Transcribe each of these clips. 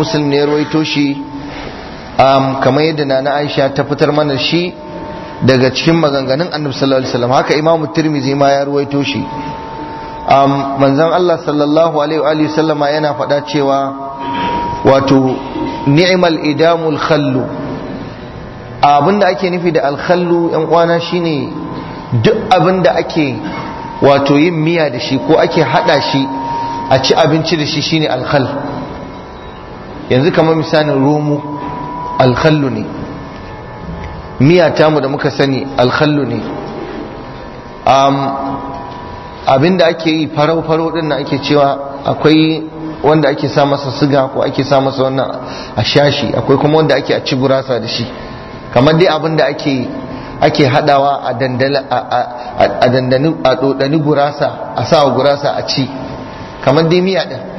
muslim ne toshi shi kamar yadda nana aisha ta fitar mana shi daga cikin maganganun annabi sallallahu alaihi wasallam haka imamu tirmizi ma ya ruwaito shi manzon Allah sallallahu alaihi wa sallama yana faɗa cewa wato ni'mal idamul khallu abinda ake nufi da alkhallu yan kwana shine duk abinda ake wato yin miya da shi ko ake hada shi a ci abinci da shi shine alkhal yanzu kamar misalin romu alkhallu ne miya tamu da muka sani alkhallu ne abinda ake yi farau-farau din na ake cewa akwai wanda ake sa masa siga ko ake sa masa wannan a shashi akwai kuma wanda ake a ci gurasa da shi kamar dai abinda ake ake hadawa a dandani a dodani gurasa a sa gurasa a ci kamar dai miya din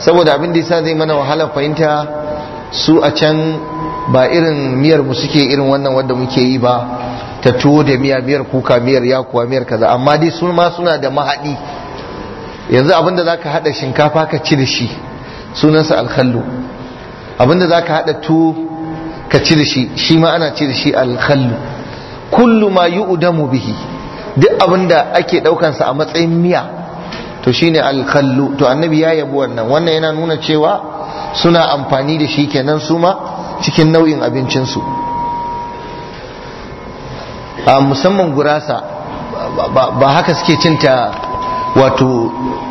saboda abin da yasa zai mana wahala fahimta su a can ba irin miyar mu suke irin wannan wanda muke yi ba ta tuwo da miya miyar kuka miyar yakuwa miyar kaza amma dai su ma suna da mahaɗi. yanzu abin da zaka hada shinkafa ka ci da shi sunansa alkhallu abin da zaka hada tuwo ka ci da shi shi ma ana ci da shi alkhallu kullu ma yu'damu bihi duk abin da ake ɗaukansa a matsayin miya to shine alkallu to annabi ya yabo wannan wannan yana nuna cewa suna amfani da shi kenan su ma cikin nau'in abincinsu a musamman gurasa ba haka suke cinta wato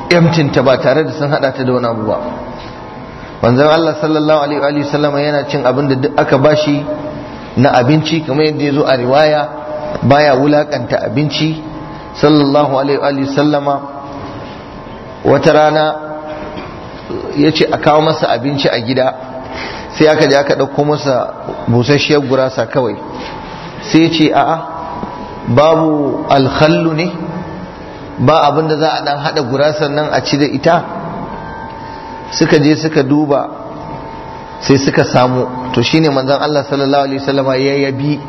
emtinta ba tare da sun hada ta da wani ba manzon Allah sallallahu alaihi wa sallam yana cin abin da duk aka bashi na abinci kamar yadda ya zo a riwaya baya wulakanta abinci sallallahu alaihi wa sallama wata rana ya ce a kawo masa abinci a gida sai aka je aka ɗauko masa busasshiyar gurasa kawai sai ce a'a babu alhallu ne ba abinda za a ɗan haɗa gurasar nan a ci da ita suka je suka duba sai suka samu to shine manzan Allah sallallahu alaihi wasallama ya yabi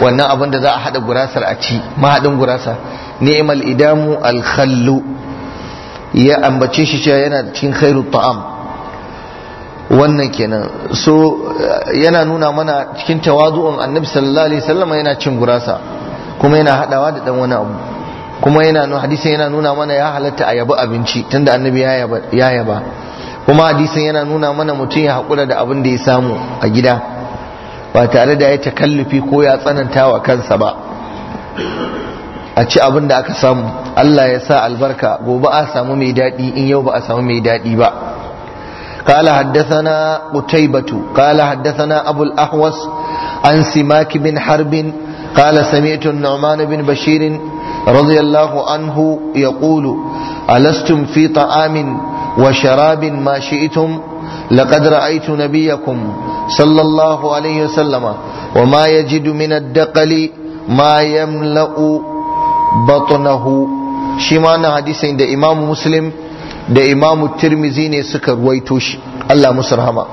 wannan abinda za a haɗa gurasar a ci mahaɗin gurasa ni'mal idamu alhallu ya ambace shi cewa yana cikin khairu ta'am wannan kenan so yana nuna mana cikin tawadu'un annabi sallallahu alaihi wasallam yana cin gurasa kuma yana hadawa da dan wani abu kuma yana hadisin yana nuna mana ya halatta a yabi abinci tunda annabi ya yaba kuma hadisin yana nuna mana mutum ya haƙura da abin da ya samu a gida ba tare da ya takallufi ko ya tsananta wa kansa ba a ci abin da aka samu Allah ya sa albarka gobe a samu mai daɗi in yau ba a samu mai daɗi ba kala haddasana qutaybatu kala na abul ahwas an simak bin harbin kala sami'tu nu'man bin bashirin radiyallahu anhu yaqulu alastum fi ta'amin wa sharabin ma shi'tum laqad ra'aytu nabiyakum sallallahu alayhi wa sallama wa ma yajidu min ad-daqali ma yamla'u batunahu shi ma na hadisin da imamu muslim da imamu tirmizi ne suka ruwaito shi Allah musu rahama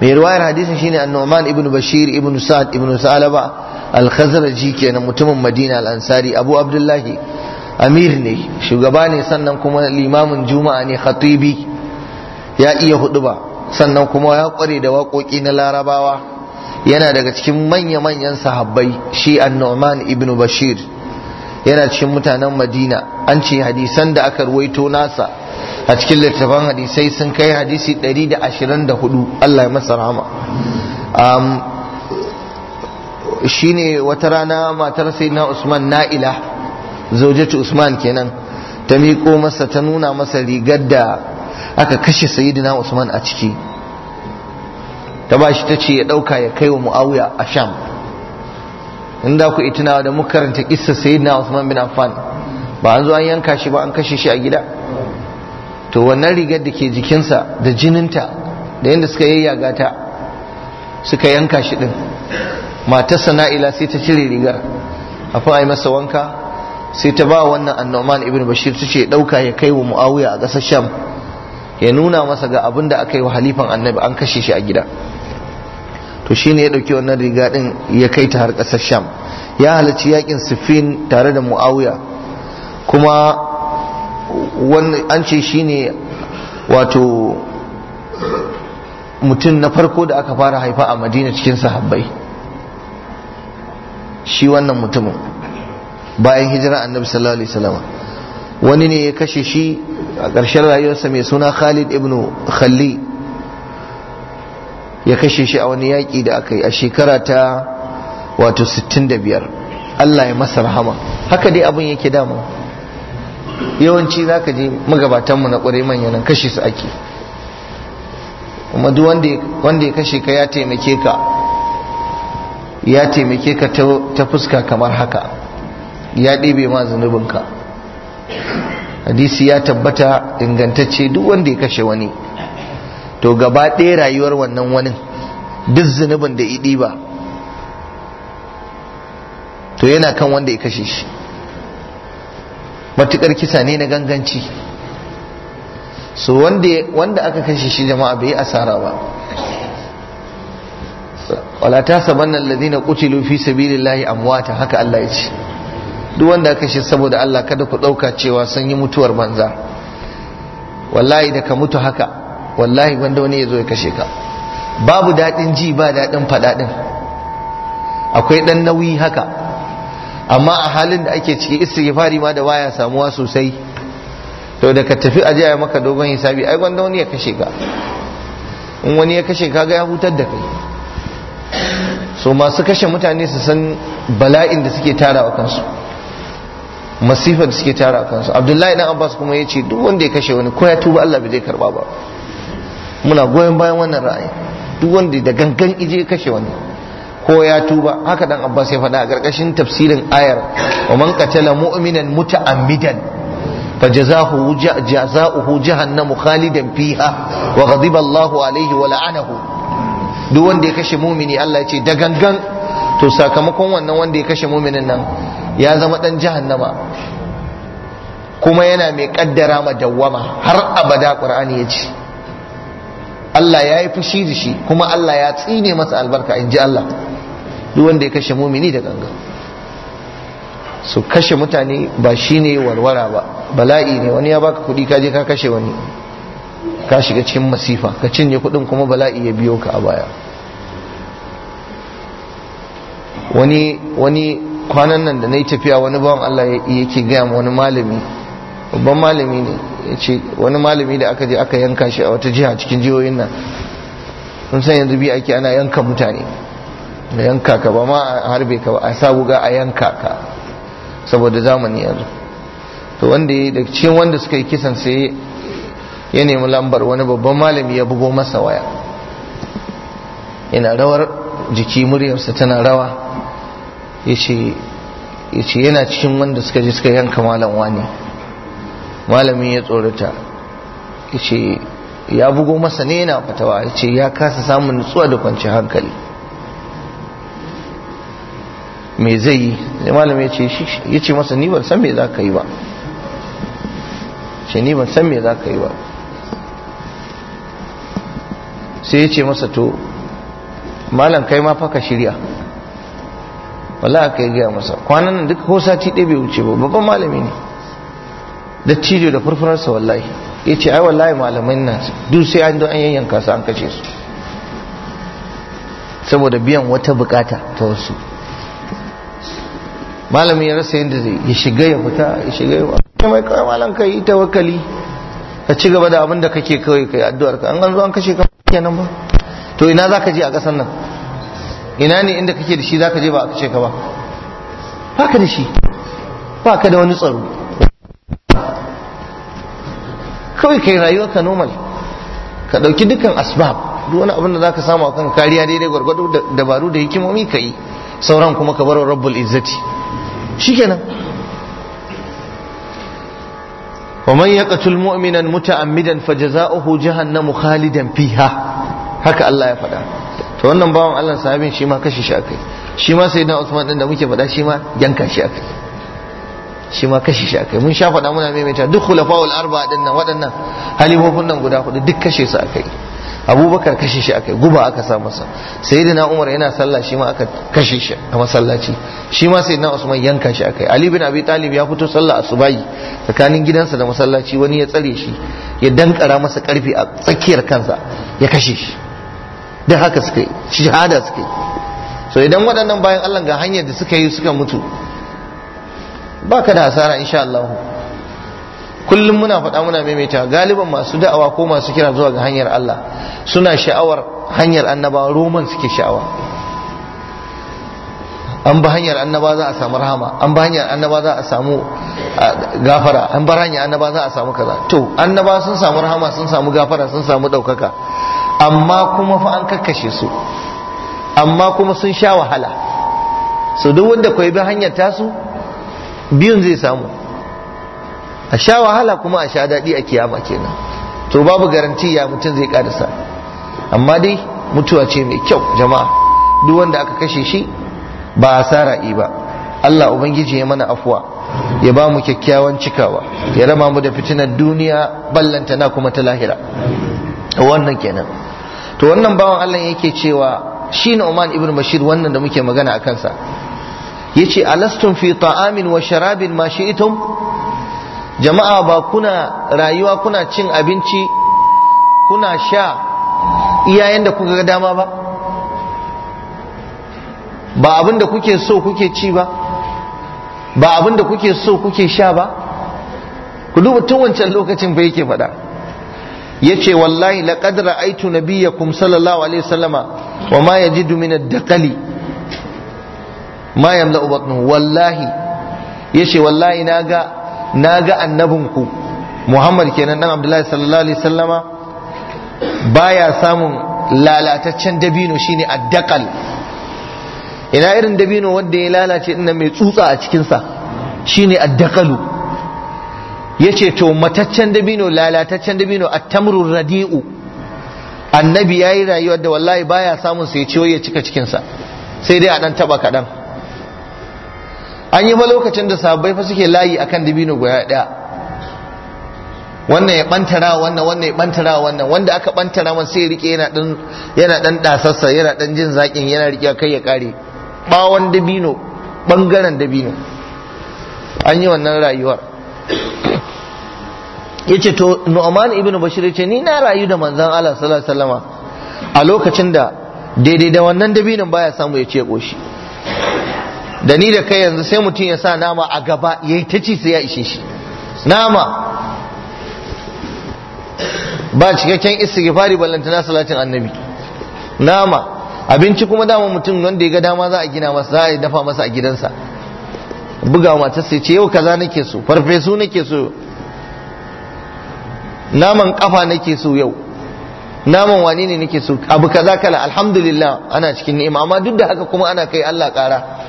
mai ruwayar hadisin shine annu'man ibn bashir ibn sa'ad ibn salaba al-khazraji kenan mutumin madina al-ansari abu abdullahi amir ne shugaba ne sannan kuma limamin juma'a ne khatibi ya iya ba, sannan kuma ya kware da waƙoƙi na larabawa yana daga cikin manya-manyan sahabbai shi annu'man ibn bashir yana cikin mutanen madina an ce hadisan da aka ruwaito nasa a cikin littafan hadisai sun kai hadisi 124 Allah ya masa rama shi ne wata rana matar na usman na'ila zaujatu usman kenan ta miko masa ta nuna masa rigar da aka kashe sayyidina usman a ciki ta ba shi ta ce ya ɗauka ya kai wa mu'awiya a sham in za ku itinawa da muka karanta kissa sayyidina Usman bin Affan ba an zo an yanka shi ba an kashe shi a gida to wannan rigar da ke jikinsa da jininta da yadda suka yayyaga ta suka yanka shi din matarsa sana'ila sai ta cire rigar a a ai masa wanka sai ta ba wannan annoman ibn bashir ta ce ɗauka ya kai wa mu'awiya a ƙasar sham ya nuna masa ga abin da aka yi wa halifan annabi an kashe shi a gida to shi ne ya ɗauki wannan riga din ya kai ta har kasar sham ya halarci yakin siffin tare da muawiya kuma an ce shi ne wato mutum na farko da aka fara haifa a madina cikin sahabbai shi wannan mutumin bayan hijira annabi sallallahu alaihi wasallam wani ne ya kashe shi a ƙarshen rayuwarsa mai suna khalid ibn khalli ya kashe shi a wani yaƙi da aka yi a shekara ta wato 65 Allah ya masa rahama haka dai abin yake damu yawanci za ka je magabatanmu na ƙwarai manyan kashe su ake kuma duk wanda ya kashe ka ya taimake ka ya taimake ka ta fuska kamar haka ya ɗebe ma zunubinka hadisi ya tabbata ingantacce duk wanda ya kashe wani to gaba ɗaya rayuwar wannan wani duk zunubin da iɗi ba to yana kan wanda ya kashe shi matukar kisa ne na ganganci so wanda aka kashe shi jama'a bai yi asara ba wala ta na alladhina qutilu fi sabilillahi amwata haka Allah ya ce duk wanda aka kashe saboda Allah kada ku ɗauka cewa sun yi mutuwar banza wallahi da ka mutu haka wallahi wanda wani ya zo ya kashe ka babu daɗin ji ba daɗin faɗaɗin akwai ɗan nauyi haka amma a halin da ake ciki istighfari ma da waya samuwa sosai to da ka tafi aje ya maka dogon hisabi ai wanda wani ya kashe ka in wani ya kashe ka ga ya hutar da kai so masu kashe mutane su san bala'in da suke tara kansu masifar da suke tara a kansu abdullahi dan abbas kuma ya ce duk wanda ya kashe wani ko ya tuba allah bai zai karba ba muna goyon bayan wannan ra'ayi duk wanda da gangan ije kashe wani ko ya tuba haka dan abbas ya faɗa a ƙarƙashin tafsirin ayar wa man qatala mu'minan muta'ammidan fajazahu jazaohu jahannamu khalidan fiha wa ghadiba Allahu alaihi wa la'anahu duk wanda ya kashe mumini Allah ya ce da gangan to sakamakon wannan wanda ya kashe muminin nan ya zama dan jahannama kuma yana mai kaddara ma har abada qur'ani ya ce Allah ya yi fushi da shi kuma Allah ya tsine masa albarka in ji Allah duk wanda ya kashe mumini da ganga su kashe mutane ba shi ne warwara ba bala'i ne wani ya baka kuɗi ka je ka kashe wani ka shiga cikin masifa ka cinye kuɗin kuma bala'i ya biyo ka a baya wani kwanan nan da na yi tafiya wani bawan Allah yake gaya wani malami babban malami ne ya ce wani malami da aka je aka yanka shi a wata jiha cikin jihohin nan sun san yanzu bi ake ana yanka mutane da yanka ka ba ma a harbe ka ba a sa wuga a yanka ka saboda zamani yanzu to wanda ya da cikin wanda suka yi kisan sai ya nemi lambar wani babban malami ya bugo masa waya yana rawar jiki muryarsa tana rawa ya ce yana cikin wanda suka je suka yanka malam wani malamin ya tsorata ya ce ya bugo masa ne na fatawa ce ya kasa samun nutsuwa da kwanci hankali me zai yi malamin ya ce masa ni ban san za ka yi ba ce ni ban san me za ka yi ba sai ya ce masa to malam kai ma faka shirya wala aka yi gaya masa kwanan duk ko sati ɗaya bai wuce ba babban malami ne da cijo da furfurarsa wallahi ya ce ai wallahi malamai na duk sai an don an yanyanka su an kashe su saboda biyan wata bukata ta wasu Malamin ya rasa yadda zai ya shiga ya fita ya shiga ya fita mai kawai malam ka yi ta wakali? ka ci gaba da abin da kake kawai kai addu'ar ka an gan zo an kashe ka kenan ba to ina za ka je a ƙasar nan ina ne inda kake da shi za ka je ba a kashe ka ba ba ka da shi ba ka da wani tsaro kawai kai rayuwa ka normal ka ɗauki dukkan asbab duk wani abin da za ka samu akan kariya daidai gwargwado dabaru da hikimomi yi sauran kuma ka baro rabbul izzati shikenan ومن يقتل مؤمنا متعمدا فجزاؤه jahannamu khalidan fiha haka Allah ya faɗa to wannan bawan Allah sahabin shi ma kashe shi akai shi ma sayyidina Usman din da muke faɗa shi ma yanka shi akai shi ma kashe shi akai mun sha faɗa muna maimaita duk khulafa'ul arba din nan waɗannan halifofin nan guda hudu duk kashe su akai abubakar kashe shi akai guba aka sa masa sayyidina umar yana sallah shi ma aka kashe shi a masallaci shi ma sayyidina usman yanka shi akai ali bin abi talib ya fito sallah asubai tsakanin gidansa da masallaci wani ya tsare shi ya dankara masa karfi a tsakiyar kansa ya kashe shi duk haka suka yi shahada suka yi so idan waɗannan bayan Allah ga hanyar da suka yi suka mutu baka da hasara insha Allah kullum muna faɗa muna maimaita galiban masu da'awa ko masu kira zuwa ga hanyar Allah suna sha'awar hanyar annaba. roman suke sha'awa an ba hanyar annaba za a samu rahama an ba hanyar annaba za a samu gafara an ba hanyar annaba za a samu kaza to annaba sun samu rahama sun samu gafara sun samu ɗaukaka amma kuma fa an kakkashe su amma kuma sun sha wahala su duk wanda kwaibi hanyar tasu biyun zai samu a sha wahala kuma a sha daɗi a kiyama kenan to babu garanti ya mutum zai ƙarisa amma dai mutuwa ce mai kyau jama'a duk wanda aka kashe shi ba a sa ra'i ba Allah ubangiji ya mana afuwa ya ba mu kyakkyawan cikawa ya rama mu da fitinar duniya ballanta na kuma ta lahira wannan kenan to wannan bawan Allah yake cewa shi na Oman ibn Bashir wannan da muke magana a kansa yace alastum fi ta'amin wa sharabin ma shi'tum jama'a ba kuna rayuwa kuna cin abinci kuna sha iyayen da kuka ga dama ba ba abin da kuke so kuke ci ba ba abin da kuke so kuke sha ba ku duba tun wancan lokacin ba yake faɗa yace wallahi laqad ra'aytu nabiyyakum sallallahu alaihi wasallama wa ma yajidu min ad-daqali ma yamla ubatnu wallahi yace wallahi naga naga annabinku Muhammad kenan dan Abdullahi sallallahu alaihi wasallama baya samun lalataccen dabino shine addaqal ina irin dabino wanda ya lalace dinnan mai tsutsa a cikin sa shine addaqalu yace to mataccen dabino lalataccen dabino attamru radi'u annabi yayi rayuwa da wallahi baya samun sai ciwo ya cika cikin sa sai dai a dan taba kadan an yi lokacin da sahabbai fa suke layi akan dabino guda daya wannan ya bantara wannan wannan ya bantara wannan wanda aka bantara man sai rike yana dan yana dan dasassa yana dan jin zakin yana rike kai ya kare bawon dabino bangaren dabino an yi wannan rayuwar yace to Nu'man ibn Bashir yace ni na rayu da manzon Allah sallallahu alaihi wasallama a lokacin da daidai da wannan dabinin baya samu ya ce koshi da ni da kai yanzu sai mutum ya sa nama a gaba ya yi ta ci sai ya ishe shi nama ba cikakken istighfari ballantana salatin annabi nama abinci kuma dama mutum wanda ya ga dama za a gina masa za a dafa masa a gidansa buga matar sai ce yau kaza nake so farfesu nake so naman kafa nake so yau naman wani ne nake so abu kaza kala alhamdulillah ana cikin ni'ima amma duk da haka kuma ana kai Allah kara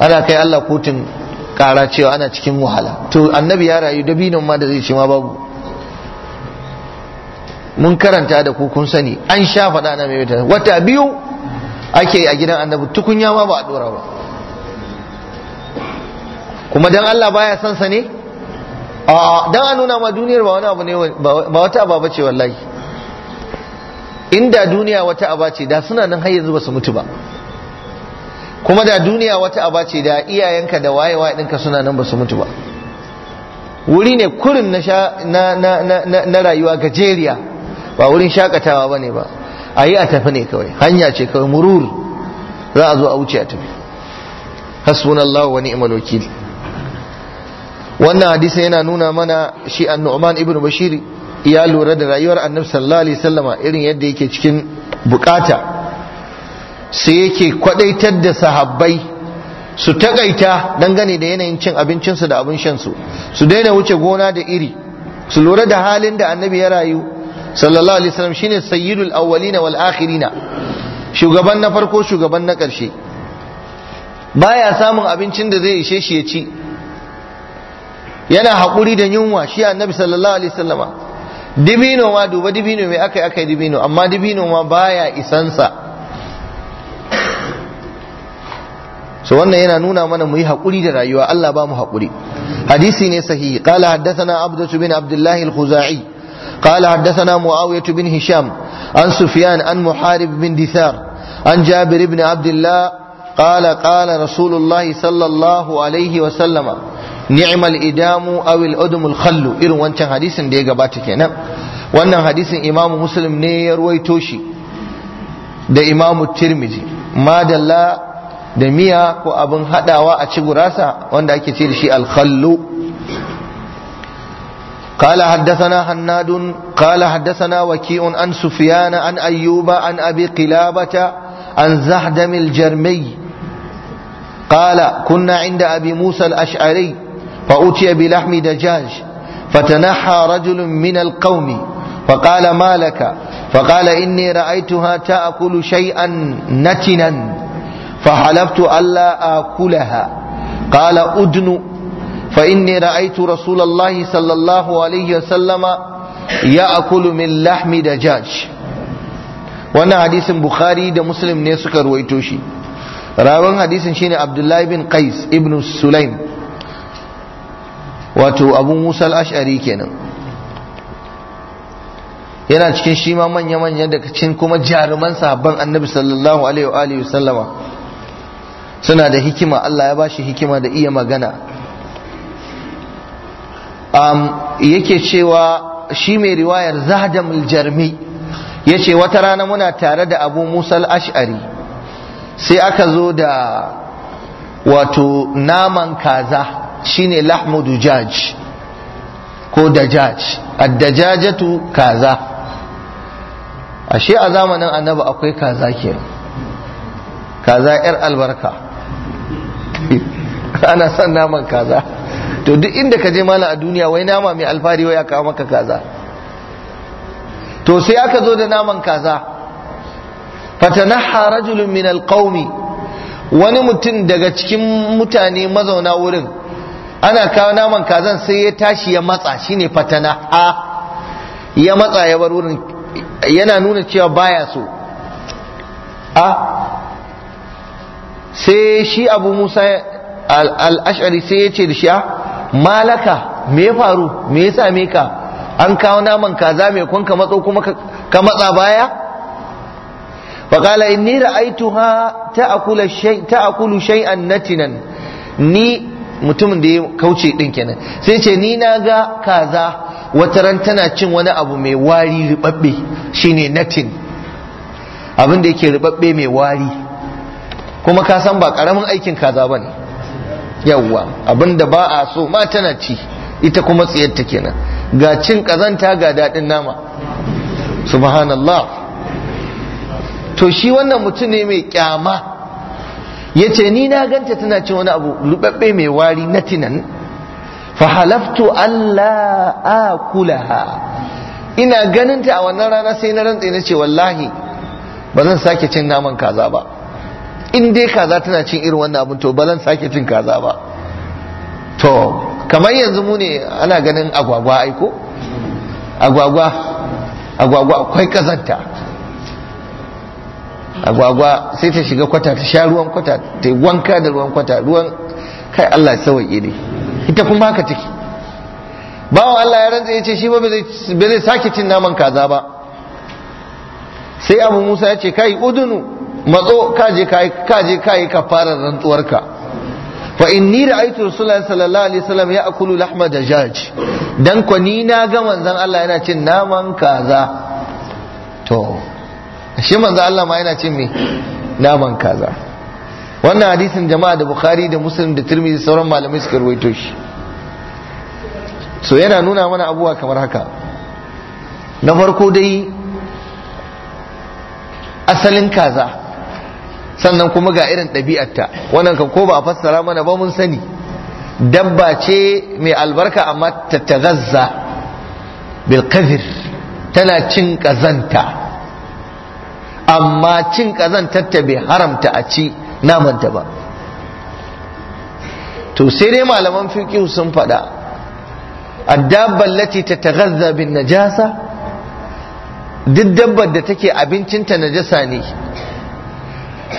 ana kai Allah kotun kara cewa ana cikin wahala to annabi ya rayu dabinon ma da zai ce ma babu mun karanta da ku kun sani an sha faɗa na mai wata biyu ake a gidan annabi tukunya ma ba a dora ba kuma dan Allah baya son sa ne a dan a nuna ma duniyar ba wani abu ne ba wata aba ce wallahi inda duniya wata aba ce da suna nan har yanzu ba su mutu ba kuma da duniya wata aba ce da iyayenka da wayewa ɗinka suna nan ba su mutu ba wuri ne kurin na rayuwa gajeriya ba wurin shakatawa ba ne ba a yi a tafi ne kawai hanya ce kawai murur za a zo a wuce a tafi hasbunallahu wa ni'mal wakil wannan hadisi yana nuna mana shi annu'man ibn bashir ya lura da rayuwar annabi sallallahu alaihi wasallama irin yadda yake cikin bukata sai yake kwadaitar da sahabbai su takaita dangane da yanayin cin abincinsu da abin shansu su daina wuce gona da iri su lura da halin da annabi ya rayu sallallahu alaihi wasallam shine sayyidul awwalina wal akhirina shugaban na farko shugaban na karshe baya samun abincin da zai ishe shi ya ci yana hakuri da yunwa shi annabi sallallahu alaihi wasallama dibino ma duba dibino mai aka akai dibino amma dibino ma baya isansa so wannan yana nuna mana mu yi haƙuri da rayuwa Allah ba mu haƙuri hadisi ne sahihi qala haddathana abdatu bin abdullahi al-khuzai qala haddathana muawiyah bin hisham an sufyan an muharib bin dithar an jabir ibn abdullah qala qala rasulullah sallallahu alaihi wa sallama ni'mal idamu aw al al khallu irin wancan hadisin da ya gabata kenan wannan hadisin imamu muslim ne ya ruwaito shi da imamu tirmidhi madalla da miya ko abin hadawa a ci gurasa wanda ake ce da shi alkhallu قال حدثنا حناد قال حدثنا وكيء عن سفيان عن أيوب عن أبي قلابة عن زهدم الجرمي قال كنا عند أبي موسى الأشعري فأتي بلحم دجاج فتنحى رجل من القوم فقال ما لك فقال إني رأيتها تأكل شيئا نتنا فحلفت ألا آكلها قال أدن فإني رأيت رسول الله صلى الله عليه وسلم يأكل من لحم دجاج وانا حديث بخاري دا مسلم نسكر ويتوشي راوان حديث شيني عبد الله بن قيس ابن ibn واتو أبو موسى الأشعري كينا yana cikin shi ma manya-manya daga cikin kuma jaruman sahabban annabi sallallahu alaihi wa alihi wasallama suna da hikima Allah ya bashi hikima da iya magana um, yake cewa shi mai riwayar zahdamul jarmi ya ce wata rana muna tare da abu musal ash'ari sai aka zo da wato naman kaza shine lahmu dujaj ko dajaj addajajatu kaza ashe a zamanin annaba akwai kaza ke? kaza 'yar albarka ana son naman kaza to duk inda ka je mala a duniya wai nama mai alfari wai aka maka kaza to sai aka zo da naman kaza fatanaha rajulun min alqaumi wani mutum daga cikin mutane mazauna wurin ana kawo naman kazan sai ya tashi ya matsa shine fatana a ya matsa ya bar wurin yana nuna cewa baya so a sai shi abu musa al'ashari sai ya ce da shi a ah, malaka me ya faru me ya same ka an kawo naman kaza mai kun ka matso kuma ka matsa baya faƙala inni a Kulu shay ta'akulu shay'an natinan ni mutumin da ya kauce ɗin kenan sai ce ni na ga kaza wata ran tana cin wani abu mai wari ribabbe shine natin abin da yake ribabbe mai wari kuma ka san ba karamin aikin kaza ba ne yawwa abinda ba a so ma tana ci ita kuma tsayarta kenan ga cin kazanta ga daɗin nama subhanallah to shi wannan mutum ne mai kyama ya ce ni na ganta tana cin wani abu lubabbe mai wari na tinan fahalaftu Allah akulaha ina ganinta a wannan rana sai na rantse na ce wallahi ba zan sake cin naman kaza ba in dai kaza tana cin irin wannan abin to balan sake cin kaza ba to kamar yanzu mu ne ana ganin agwagwa aiko agwagwa agwagwa akwai kazanta agwagwa sai ta shiga kwata ta sha ruwan kwata ta wanka da ruwan kwata ruwan kai Allah ya sauke ne ita kuma haka take bawan Allah ya rantsa ya ce shi ba bai zai sake cin naman kaza ba sai abu musa ya ce kai udunu matso kaje kai kaje kai rantsuwar rantsuwarka fa inni ra'aytu rasulullahi sallallahu alaihi wasallam ya'kulu lahma dajaj dan ko ni na ga manzon Allah yana cin naman kaza to shi manzon Allah ma yana cin me naman kaza wannan hadisin jama'a da bukhari da muslim da tirmidhi sauran malamai suka ruwaito shi so yana nuna mana abubuwa kamar haka na farko dai asalin kaza sannan kuma ga irin ɗabi'arta wannan kan ko ba a fassara mana ba mun sani dabba ce mai albarka amma ta tagazza bil tana cin kazanta amma cin kazanta ta bai haramta a ci namanta ba to sai dai malaman fiqh sun faɗa الدابة التي تتغذى بالنجاسة duk dabbar da take abincinta najasa ne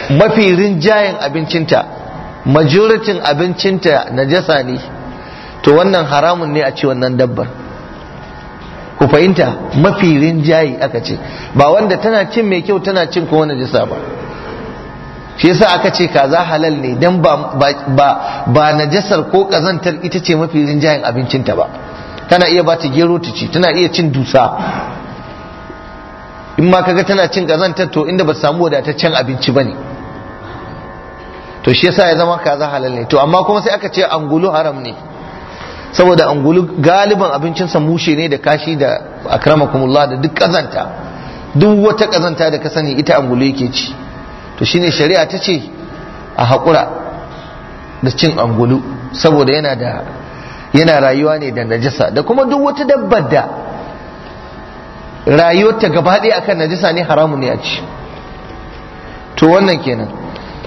mafi rinjayen abincinta majoritin abincinta jasa ne to wannan haramun ne a ce wannan dabbar ku fahimta mafi rinjaye aka ce ba wanda tana cin mai kyau tana cin kuma jasa ba shi yasa aka ce kaza halal ne don ba ba ba najasar ko kazantar ita ce mafi rinjayen abincinta ba tana iya ba ta gero ta ci tana iya cin dusa in ma kaga tana cin kazantar to inda ba samu wadataccen abinci ba ne to shi yasa ya zama kaza halal ne to amma kuma sai aka ce angulu haram ne saboda angulu galiban abincin sa mushe ne da kashi da akramakumullah da duk kazanta duk wata kazanta da ka sani ita angulu yake ci to shine shari'a ta ce a hakura da cin angulu saboda yana da yana rayuwa ne da najasa da kuma duk wata dabbar da rayuwarta gaba ɗaya akan najasa ne haramun ne a ci to wannan kenan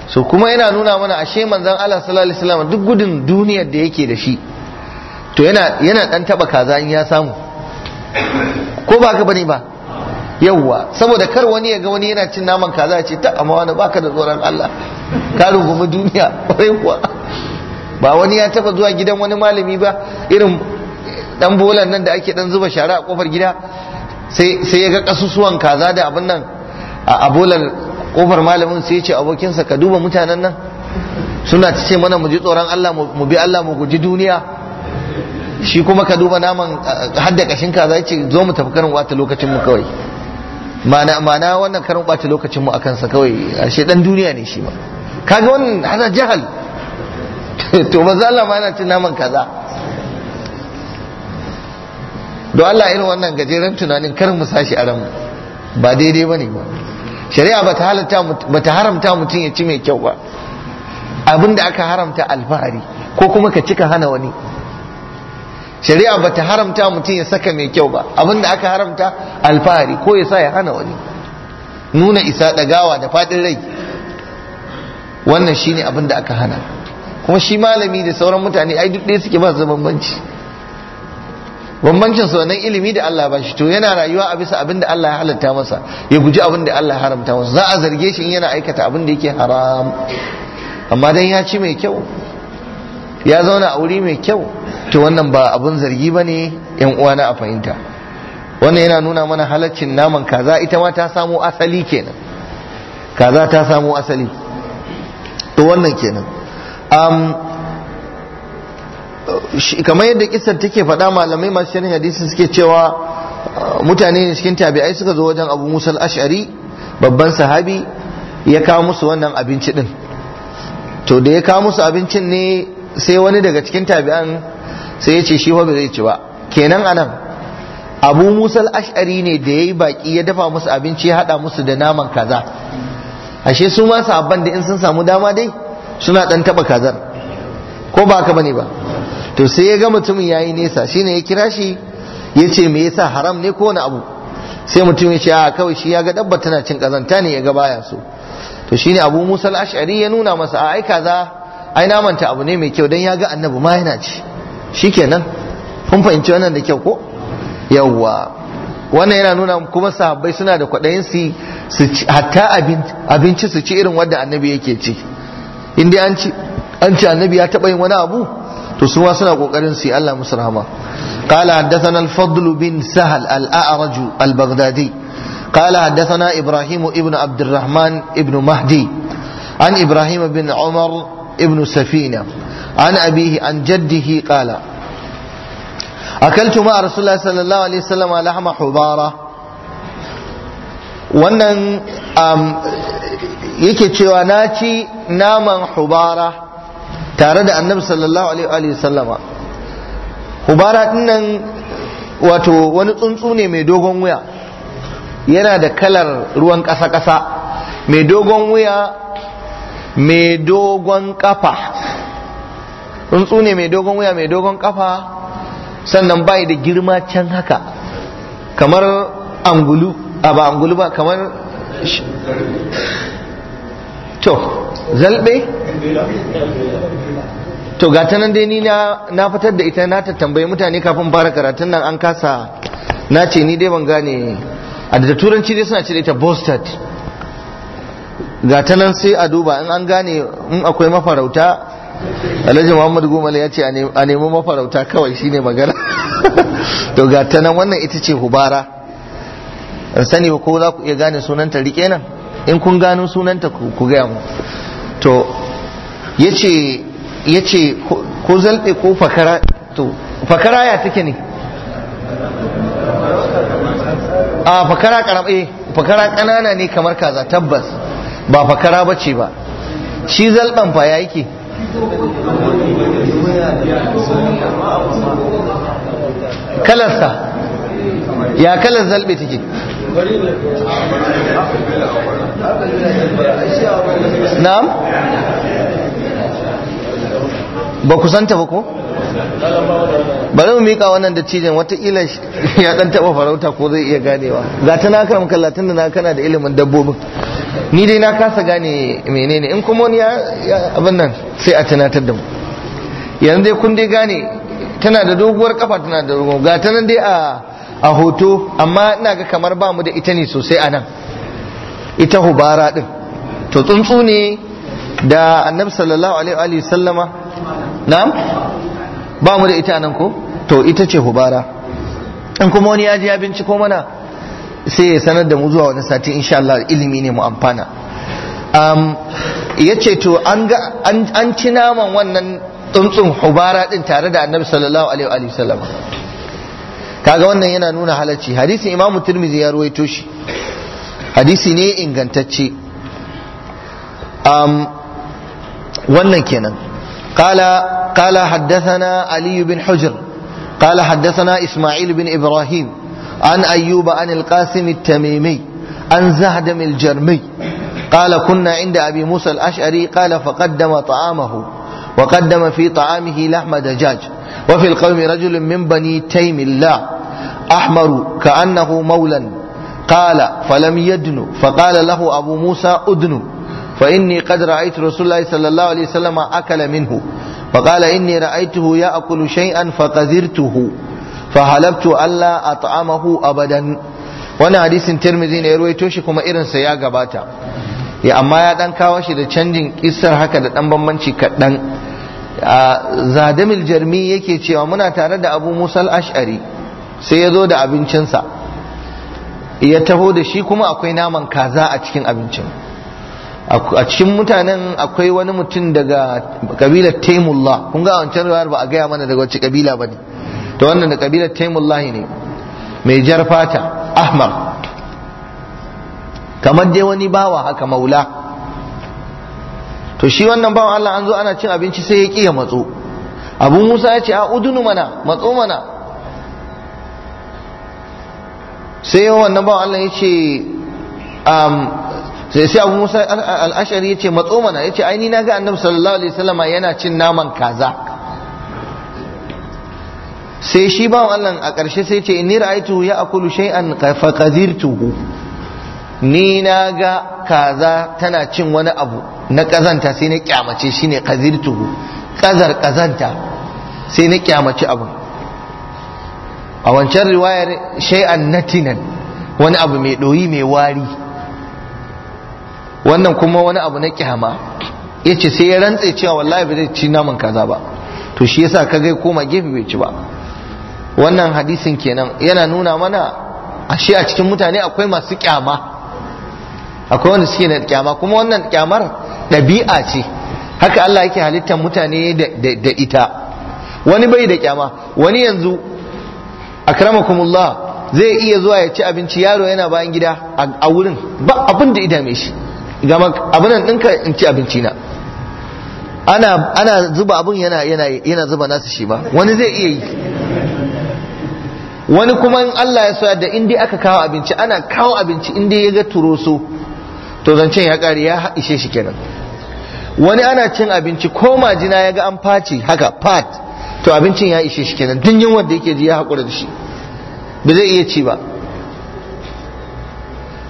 so kuma yana nuna mana ashe manzon Allah sallallahu alaihi wasallam duk gudun duniyar da yake da shi to yana yana dan taba kaza in ya samu ko ba ka bane ba yawwa saboda kar wani ya ga wani yana cin naman kaza ya ce ta amma wani baka da tsoron Allah ka rubuta duniya kwarai kuwa ba wani ya taba zuwa gidan wani malami ba irin dan bolan nan da ake dan zuba shara a kofar gida sai ya ga kasusuwan kaza da abin nan a bolar kofar malamin sai ce abokinsa ka duba mutanen nan suna ce mana mu ji tsoron Allah mu bi Allah mu guji duniya shi kuma ka duba naman hadda kashin kaza yace zo mu tafi karin wata lokacin mu kawai mana mana wannan karin wata lokacin mu a kansa kawai shi dan duniya ne shi ma kaga wannan hada jahal to manzo Allah ma yana cin naman kaza don Allah irin wannan gajeren tunanin kar mu sashi aran ba daidai bane ba shari'a bata ta haramta mutum ya ci mai kyau ba abinda aka haramta alfahari ko kuma ka cika hana wani shari'a bata haramta mutum ya saka mai kyau ba abinda aka haramta alfahari ko ya sa ya hana wani nuna isa gawa da faɗin rai wannan shine abinda aka hana kuma shi malami da sauran mutane ai duk ɗaya suke ba su bambanci bambancin su wannan ilimi da Allah ba shi to yana rayuwa a bisa abinda Allah ya halatta masa ya guji abin da Allah ya haramta masa za a zarge shi in yana aikata abin da yake haram amma dan ya ci mai kyau ya zauna a wuri mai kyau to wannan ba abin zargi bane yan uwana a fahimta wannan yana nuna mana halaccin naman kaza ita ma ta samo asali kenan kaza ta samo asali to wannan kenan um, kamar yadda kisar take faɗa malamai masu shirin hadisin suke cewa uh, mutane ne cikin tabi'ai suka zo wajen abu musal ash'ari babban sahabi ya kawo musu wannan abinci din to da ya kawo musu abincin ne sai wani daga cikin tabi'an sai ya ce shi ba zai ci ba kenan anan abu musal ash'ari ne da ya yi baki ya dafa musu abinci ya haɗa musu da naman kaza ashe su ma sahabban da in sun samu dama dai suna ɗan taɓa kazar ko ba haka bane ba to sai ya ga mutumin yayi nesa shine ya kira shi ya ce me yasa haram ne ko wani abu sai mutum ya ce a kawai shi ya ga dabba tana cin kazanta ne ya ga baya so to shine abu musa al-ash'ari ya nuna masa a ai kaza ai namanta abu ne mai kyau dan ya ga annabi ma yana ci shikenan kun fahimci wannan da kyau ko yawwa wannan yana nuna kuma sahabbai suna da kwaɗayin su su hatta abinci su ci irin wanda annabi yake ci in dai an ci an ci annabi ya taɓa yin wani abu to su ma suna kokarin su Allah musu rahama qala haddathana al-fadl bin sahal al-a'raj al-baghdadi qala haddathana ibrahim ibn abd al ibn mahdi an ibrahim bin umar ibn safina an abihi an jaddihi qala akaltu ma rasulullah sallallahu alaihi wasallam lahma hubara wannan um, yake cewa na ci naman hubara tare da annabi sallallahu alaihi wa sallama hubara dinnan wato wani tsuntsu ne mai dogon wuya yana da kalar ruwan kasa kasa mai dogon wuya mai dogon kafa. tsuntsu ne mai dogon wuya mai dogon kafa sannan bai da girma can haka kamar angulu a ba angulu ba kamar to zalbe to ga ta nan dai ni na fitar da ita na ta tambayi mutane kafin fara karatun nan an kasa na ce ni dai ban gane a da turanci dai suna ce ita bostad ga ta nan sai a duba in an gane in akwai mafarauta alhaji muhammadu gomala ya ce a nemi mafarauta kawai shine magana to ga ta nan wannan ita ce hubara in sani ko za ku iya gane sunanta rike nan in kun gano sunanta ku gaya mu to ya ce ko zalɓe ko fakara to fakara ya take ne a fakara karama eh, fakara ƙanana ne kamar kaza tabbas ba fakara ba ce ba shi zalɓen fa ya yake kalarsa ya kalar zalɓe take na'am ba ku santa ba ko bari mu mika wannan da cijin watakila ya dan taba farauta ko zai iya ganewa ga ta naka makallatin da na kana da ilimin dabbobin ni dai na kasa gane menene in kuma wani abin nan sai a tunatar da mu yanzu dai kun dai gane tana da doguwar kafa tana da rumo ga ta nan dai a a hoto amma ina ga kamar ba mu da ita ne sosai a nan ita hubara din to tsuntsu ne da annabi sallallahu alaihi wa sallama na'am ba mu da ita nan ko to ita ce hubara in kuma wani ya ji ya binciko mana sai ya sanar da mu zuwa wani sati insha Allah ilimi ne mu amfana um, ya ce to an ga an ci naman wannan tsuntsun hubara din tare da annabi sallallahu alaihi wa sallama kaga wannan yana nuna halacci hadisin imamu tirmidhi ya shi hadisi ne ingantacce um, wannan kenan kala qala aliyu bin hujr kala haddathana isma'il bin ibrahim an ayyuba an al-qasim at-tamimi an zahdam al-jarmi قال كنا عند kala موسى الأشعري قال فقدم fi وقدم lahma da jaj wa fil qaumi rajulun min bani taymillah ahmaru ka'annahu maulan qala falam yadnu faqala lahu abu musa udnu fa inni qad ra'aytu rasulullahi sallallahu alaihi wasallam akala minhu فقال إني رأيته يأكل شيئا فقذرته فهلبت ألا أطعمه أبدا wani hadisin tirmidhi ne ya ruwaito shi kuma irinsa ya gabata ya amma ya ɗan kawo shi da canjin kisar haka da ɗan bambanci kaɗan zadamil jarmi yake cewa muna tare da abu musal ash'ari sai ya zo da abincinsa ya taho da shi kuma akwai naman kaza a cikin abincin a cikin mutanen akwai wani mutum daga kabilar taimullah kun ga wancan riwayar ba a gaya mana daga wacce kabila ba ne ta wannan da kabilar taimullah ne mai jar fata ahmar kamar dai wani bawa haka maula to shi wannan bawan Allah an zo ana cin abinci sai ya ƙi ya matso abu musa ya ce a udunu mana matso mana sai yawan wannan bawan Allah ya ce sai sai abu musa al'ashari ya ce matso mana ya ce aini na ga annabi sallallahu alaihi wasallama yana cin naman kaza sai shi bawan Allah a ƙarshe sai ce inni ra'aitu ya akulu shay'an fa qadirtuhu ni na ga kaza tana cin wani abu na kazanta sai na kyamace ne qazirtuhu kazar kazanta sai na kyamace abin a wancan riwayar shay'an natinan wani abu mai doyi mai wari wannan kuma wani abu na kyama ce sai ya rantse cewa wallahi ba zai ci naman kaza ba to shi yasa gai koma gefe bai ci ba wannan hadisin kenan yana nuna mana ashe a cikin mutane akwai masu kyama akwai wanda suke na kyama kuma wannan kyamar ɗabi'a ce haka Allah yake halittar mutane da ita wani bai da kyama wani yanzu akramakumullah zai iya zuwa ya ci abinci yaro yana bayan gida a wurin ba abin da idame shi gama abinan ɗinka in ci abinci na ana zuba abun yana zuba nasu shi ba wani zai iya yi wani kuma in Allah ya soya da inda aka kawo abinci ana kawo abinci inda ya ga turoso to zancen ya kare ya ishe shi kenan wani ana cin abinci ko majina ya ga an face haka fat to abincin ya ishe shi kenan dun wanda da yake ji ya haƙura da shi ba zai iya ci ba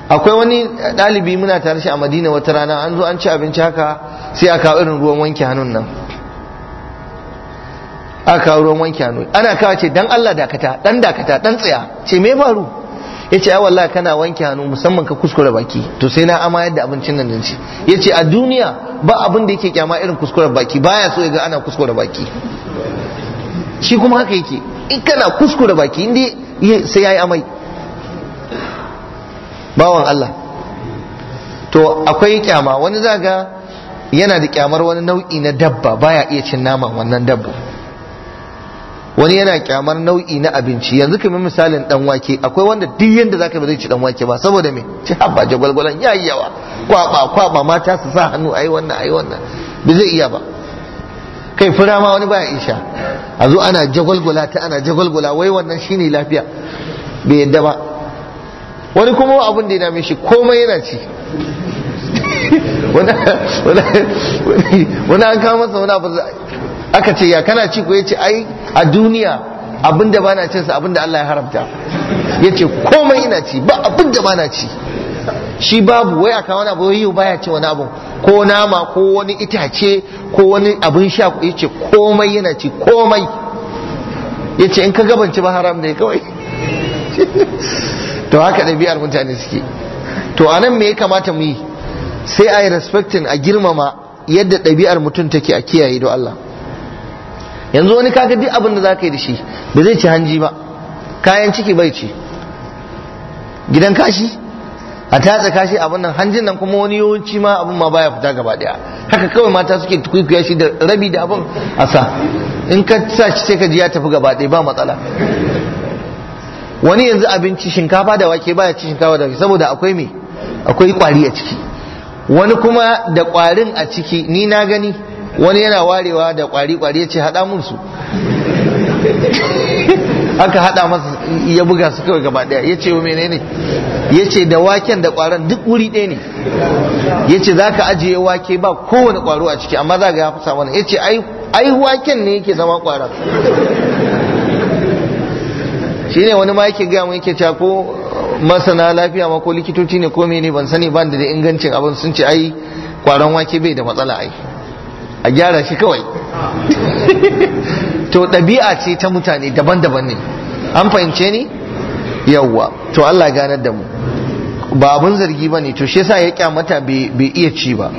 akwai wani ɗalibi muna tare shi a madina wata rana an zo an ci abinci haka sai a kawo irin ruwan wanke hannun nan a kawo ruwan wanke hannun ana kawo ce dan Allah dakata dan dakata dan tsaya ce me faru yace ai wallahi kana wanke hannu musamman ka kuskure baki to sai na ama yadda abincin nan dinci ce a duniya ba abin da yake kyama irin kuskure baki baya so ga ana kuskure baki shi kuma haka yake in kana kuskure baki inda sai yayi amai bawan Allah to akwai kyama wani zaga yana da kyamar wani nau'i na dabba baya iya cin naman wannan dabba wani yana kyamar nau'i na abinci yanzu kamar misalin dan wake akwai wanda duk yanda zaka ba zai ci dan wake ba saboda me ci haba jagwalgwalan yayi yawa kwaba kwaba mata su sa hannu ayi wannan ayi wannan ba zai iya ba kai fura ma wani baya isha a zo ana jagwalgwala ta ana jagwalgwala wai wannan shine lafiya bai yadda ba wani kuma abin da ya dame shi komai yana ci wani an kawo masa wani abu aka ce ya kana ci ko yace ai a duniya abinda bana cin sa abinda Allah ya haramta yace komai ina ci ba abinda bana ci shi babu wai aka wani abu yau baya ce wani abu ko nama ko wani itace ko wani abin sha yace komai yana ci komai yace in ka gabanci ba haram ne kawai to haka ɗabi'ar mutane suke to anan me ya kamata mu yi sai a yi respecting a girmama yadda ɗabi'ar mutum take a kiyaye don Allah yanzu wani kaga duk abin da za ka yi da shi ba zai ci hanji ba kayan ciki bai ci gidan kashi a tatsa kashi abin nan hanjin nan kuma wani yawanci ma abin ma baya fita gaba daya haka kawai mata suke kwikwiya shi da rabi da abin a sa in ka sa shi sai ka ji ya tafi gaba daya ba matsala wani yanzu abinci shinkafa da wake baya ci shinkafa da wake saboda akwai me akwai kwari a ciki wani kuma da kwarin a ciki ni na gani wani yana warewa da kwari-kwari ya ce haɗa musu aka haɗa masa ya buga su kawai gaba ɗaya ya ce wa menene ya ce da waken da ƙwaron duk wuri ɗaya ne ya ce za ka ajiye wake ba kowane ƙwaro a ciki amma za ga ya fi samu ya ce ai waken ne yake zama ƙwaron shi ne wani ma yake gaya mu yake cewa ko masana lafiya ma ko likitoci ne ko mene ban sani ban da ingancin abin sun ce ai ƙwaron wake bai da matsala ai a gyara shi kawai to ɗabi'a ce ta mutane daban-daban ne an fahimce ni yawwa to Allah ganar da mu ba abin zargi ba ne to shi sa ya kyamata bai iya ci ba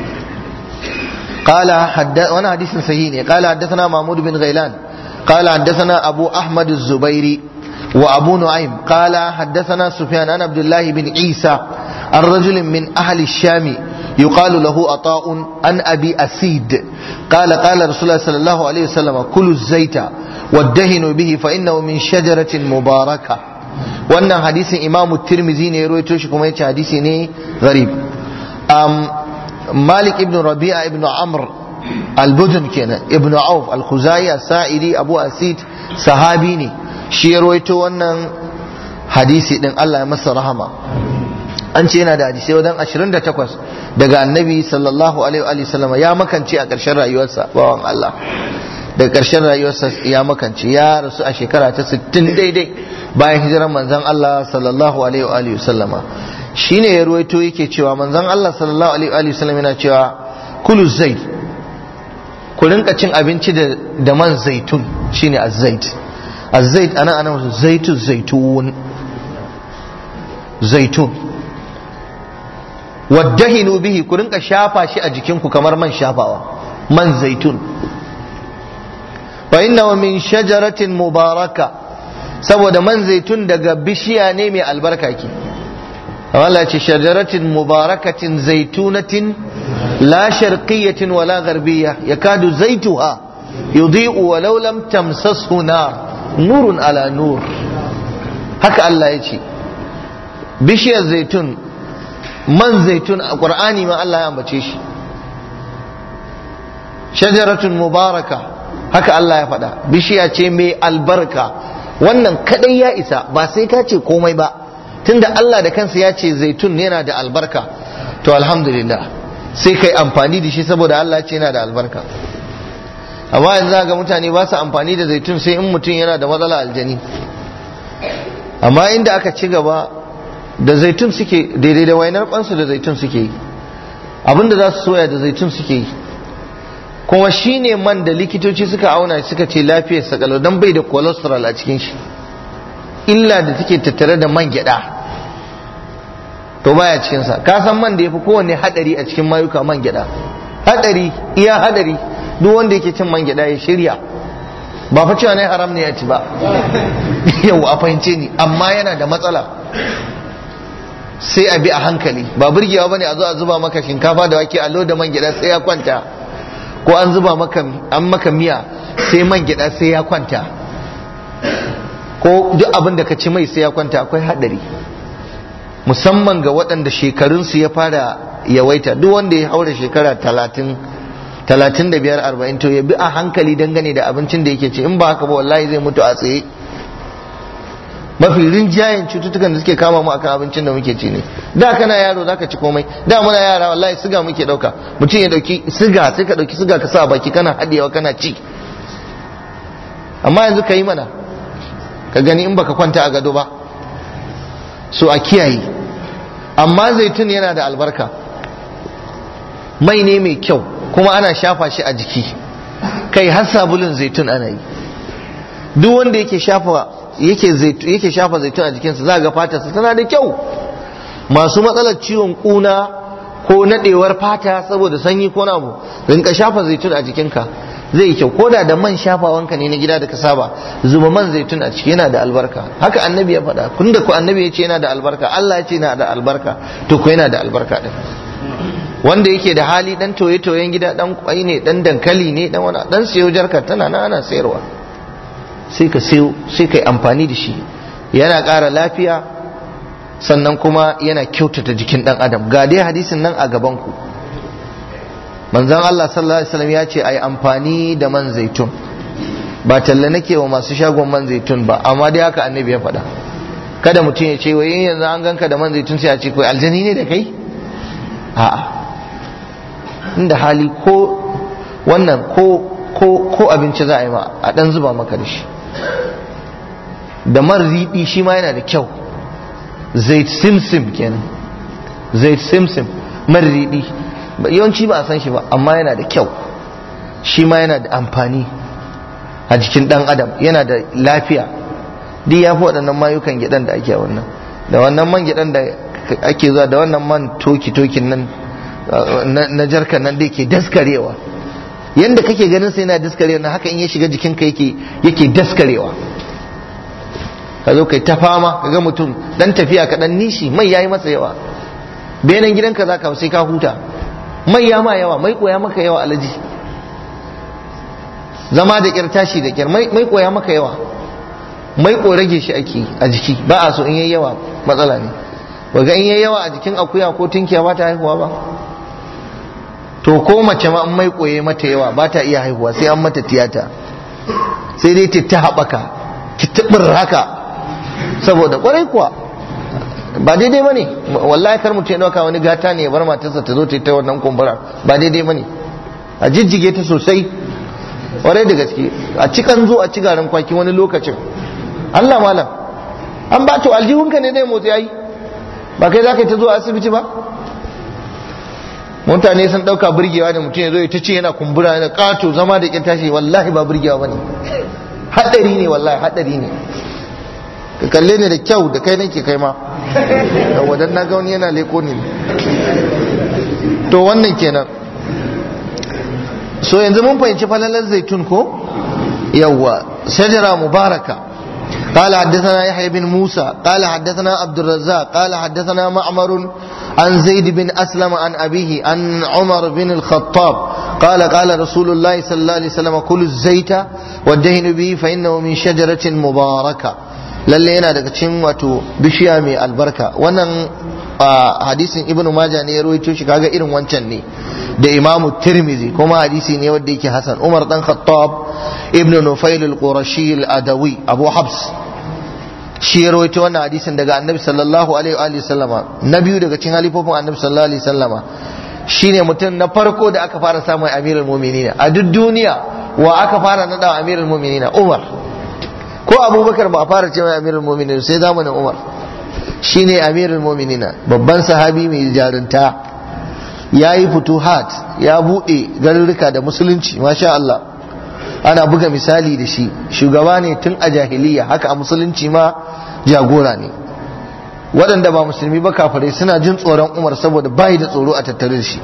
ƙala wani hadisin sahi ne ƙala na mahmud bin gailan ƙala na abu ahmad zubairi wa abu nu'aim ƙala haddasana sufyan an abdullahi bin isa an rajulin min ahalishami shami يقال له عطاء عن ابي اسيد قال قال رسول الله صلى الله عليه وسلم كل الزيت والدهن به فانه من شجره مباركه wannan hadisin imam tirmizi ne ya kuma yace hadisi ne gharib malik ibn rabi'a ibn amr al-budun kenan ibn auf al-khuzai sa'idi abu asid sahabi ne shi ya rawaito wannan hadisi din Allah ya masa rahama an ce yana da hadisai wajen 28 daga annabi sallallahu alaihi wa sallama ya makance a ƙarshen rayuwarsa bawan Allah daga ƙarshen rayuwarsa ya makance ya rasu a shekara ta 60 daidai bayan hijiran manzon Allah sallallahu alaihi wa sallama shine ya ruwaito yake cewa manzon Allah sallallahu alaihi wa sallama yana cewa kulu zaid ku rinka cin abinci da man zaitun shine az-zait az-zait ana ana zaitun zaitun zaitun waddahinu bihi ku rinka shafa shi a jikinku kamar man shafawa man zaitun fa min shajaratin mubaraka saboda man zaitun daga bishiya ne mai albarka ke. Allah ce shajaratin mubarakatin zaitunatin la sharqiyatin wala gharbiyya yakadu zaituha yudhi'u walau lam tamsashu nar nurun ala nur haka Allah ya ce bishiyar zaitun man zaitun a ƙur'ani ma Allah ya ambace shi shajaratun mubaraka haka Allah ya faɗa bishiya ce mai albarka wannan kaɗai ya isa ba sai ka ce komai ba tunda Allah da kansa ya ce zaitun yana da albarka to alhamdulillah sai kai amfani da shi saboda Allah ce yana da albarka amma yanzu ga mutane ba su amfani da zaitun sai in mutum yana da matsala aljani amma inda aka ci gaba da zaitun suke daidai da wainar kwansu da zaitun suke yi abinda za su soya da zaitun suke yi kuma shi ne man da likitoci suka auna suka ce lafiyar sakalau don bai da cholesterol a cikin shi illa da take tattare da man gyada to baya cikinsa kasan san man da ya fi kowanne hadari a cikin mayuka man gyada hadari iya hadari duk wanda yake cin man gyada ya shirya ba fa cewa ne haram ne ya ci ba yau a fahimce ni amma yana da matsala sai a bi a hankali ba burgewa bane a zo a zuba maka shinkafa da wake a da man gida sai ya kwanta ko an zuba maka an maka miya sai man gida sai ya kwanta ko duk abin da ka ci mai sai ya kwanta akwai hadari musamman ga waɗanda shekarunsu ya fara yawaita duk wanda ya haura shekara talatin talatin da biyar arba'in to ya bi a hankali dangane da abincin da yake ci in ba haka ba wallahi zai mutu a tsaye mafi rinjayen cututtukan da suke kama mu akan abincin da muke ci ne da kana yaro zaka ci komai da muna yara wallahi siga muke dauka mutum ya dauki siga sai ka dauki siga ka sa baki kana hadiyawa kana ci amma yanzu ka mana ka gani in baka kwanta a gado ba so a kiyaye amma zaitun yana da albarka mai ne mai kyau kuma ana shafa shi a jiki kai har sabulun zaitun ana yi duk wanda yake shafa yake shafa zaitun a jikinsa za ga fatarsa tana da kyau masu matsalar ciwon kuna ko nadewar fata saboda sanyi ko abu rinka shafa zaitun a jikinka zai yi kyau ko da da man shafawanka ne na gida da ka saba zuba man zaitun a ciki yana da albarka haka annabi ya faɗa kun da ku annabi ya ce yana da albarka Allah ya ce yana da albarka to ku yana da albarka din wanda yake da hali dan toye-toyen gida dan kwai ne dan dankali ne dan wani dan sayo jarka tana nana sayarwa sai ka sayo sai ka yi amfani da shi yana ƙara lafiya sannan kuma yana kyautata jikin ɗan adam ga dai hadisin nan a gaban ku manzon Allah sallallahu alaihi wasallam ya ce ai amfani da man zaitun ba talla nake wa masu shagon man zaitun ba amma dai haka annabi ya faɗa kada mutum ya ce wai yanzu an ganka da man zaitun sai a ce kai aljani ne da kai a'a inda hali ko wannan ko ko ko abinci za a yi ma a dan zuba maka da shi da man riɗi shi ma yana da kyau zait simsim kenan zait simsim man riɗi yawanci ba a san shi ba amma yana da kyau shi ma yana da amfani a jikin dan adam yana da lafiya duk ya fi waɗannan mayukan gidan da ake wannan da wannan man gidan da ake zuwa da wannan man toki-tokin nan na jarka nan da ke daskarewa yanda kake ganin sa yana daskare na haka in ya shiga jikinka yake yake daskarewa ka zo kai ta fama ka ga mutum dan tafiya ka dan nishi mai yayi masa yawa benan gidanka zaka sai ka huta mai ya ma yawa mai koya maka yawa alaji zama da kyar tashi da kyar mai koya maka yawa mai ko rage shi ake a jiki ba a so in yayi yawa matsala ne waga in yayi yawa a jikin akuya ko tunkiya ba ta haihuwa ba to ko mace ma an mai koye mata yawa ba ta iya haihuwa sai an mata tiyata sai dai ta haɓaka ta haka saboda kwarai kuwa ba daidai ba ne wallahi kar mutum ya ɗauka wani gata ne ya bar matarsa ta zo ta yi ta wannan kumbura ba daidai ba ne a jijjige ta sosai kwarai da gaske a cikan zo a ci garin kwaki wani lokacin allah malam an ba to aljihunka ne zai motsi yi? ba kai za ka yi ta zuwa asibiti ba mutane sun dauka burgewa ne mutum ya zo ta ce yana kumbura yana kato zama da kin tashi wallahi ba burgewa bane hadari ne wallahi hadari ne ka kalle ne da kyau da kai nake kai ma da wadan na ga wani yana leko ne to wannan kenan so yanzu mun fahimci falalar zaitun ko yawwa shajara mubaraka قال حدثنا يحيى بن موسى قال حدثنا عبد الرزاق قال حدثنا معمر عن زيد بن أسلم عن أبيه عن عمر بن الخطاب قال قال رسول الله صلى الله عليه وسلم كل الزيت والدهن به فإنه من شجرة مباركة lalle yana daga cikin wato bishiya mai albarka wannan hadisin ibnu maja ne ya rawaito shi kaga irin wancan ne da imamu tirmizi kuma hadisi ne wanda yake Hassan. umar dan khattab ibnu nufail al-qurashi adawi abu habs shi ya rawaito wannan hadisin daga annabi sallallahu alaihi wa sallama na biyu daga cikin halifofin annabi sallallahu alaihi wa sallama shine mutum na farko da aka fara samun amirul mu'minina a duk duniya wa aka fara nada amirul mu'minina umar ko abubakar ba a fara cewa amirul mu'minina sai zamanin umar shine amirul mu'minina babban sahabi mai jarunta ya yi futuhat ya buɗe garurruka da musulunci masha Allah ana buga misali da shi shugaba ne tun a jahiliya haka a musulunci ma jagora ne waɗanda ba musulmi ba kafare suna jin tsoron umar saboda bayi da tsoro a tattare shi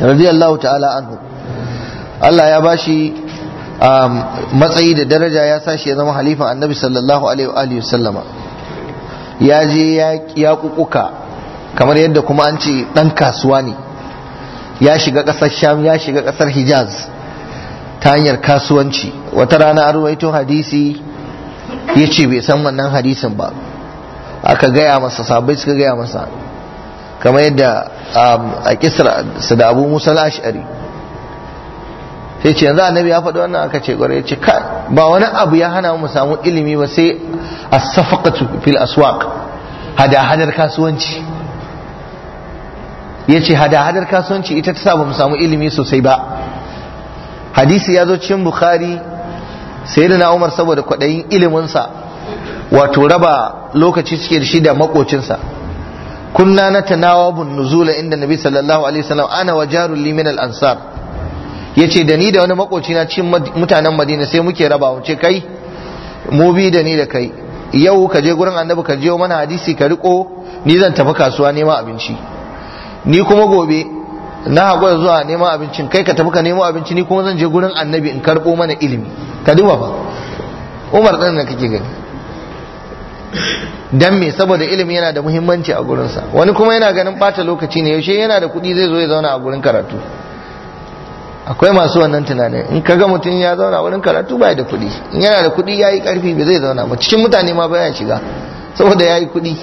radiyallahu ta'ala anhu Allah ya bashi um, matsayi da daraja ya sa shi ya zama halifan annabi sallallahu alaihi wa sallama ya je ya kukuka kamar yadda kuma an ce ɗan kasuwa ne ya shiga ƙasar sham ya shiga ƙasar hijaz ta hanyar kasuwanci wata rana a ruwaito hadisi ya ce bai san wannan hadisin ba aka gaya masa sabai suka gaya masa kamar yadda um, a kisar su da abu musa ash'ari sai ce yanzu annabi ya faɗi wannan aka ce gwara ya ce ba wani abu ya hana mu samu ilimi ba sai a safaka fil aswaq hada-hadar kasuwanci ya ce hada-hadar kasuwanci ita ta sa ba mu samu ilimi sosai ba hadisi ya zo cikin bukhari sayyidina umar saboda kwaɗayin iliminsa wato raba lokaci suke da shi da makocinsa kunna na tanawabun nuzula inda nabi sallallahu alaihi wasallam ana wa jarul limin al ansar yace da ni da wani makoci na cikin mutanen madina sai muke raba mu ce kai mu bi da ni da kai yau ka je gurin annabi ka je mana hadisi ka riko ni zan tafi kasuwa nema abinci ni kuma gobe na haƙura zuwa neman abincin kai ka tafi ka nemo abinci ni kuma zan je gurin annabi in karbo mana ilimi ka duba fa umar ɗan na kake gani dan me saboda ilimi yana da muhimmanci a gurinsa wani kuma yana ganin ɓata lokaci ne yaushe yana da kuɗi zai zo ya zauna a gurin karatu akwai masu wannan tunanin in kaga mutum ya zauna a wurin karatu baya da kuɗi in yana da kuɗi ya yi ƙarfi ba zai zauna ba cikin mutane ma baya shiga saboda ya yi kuɗi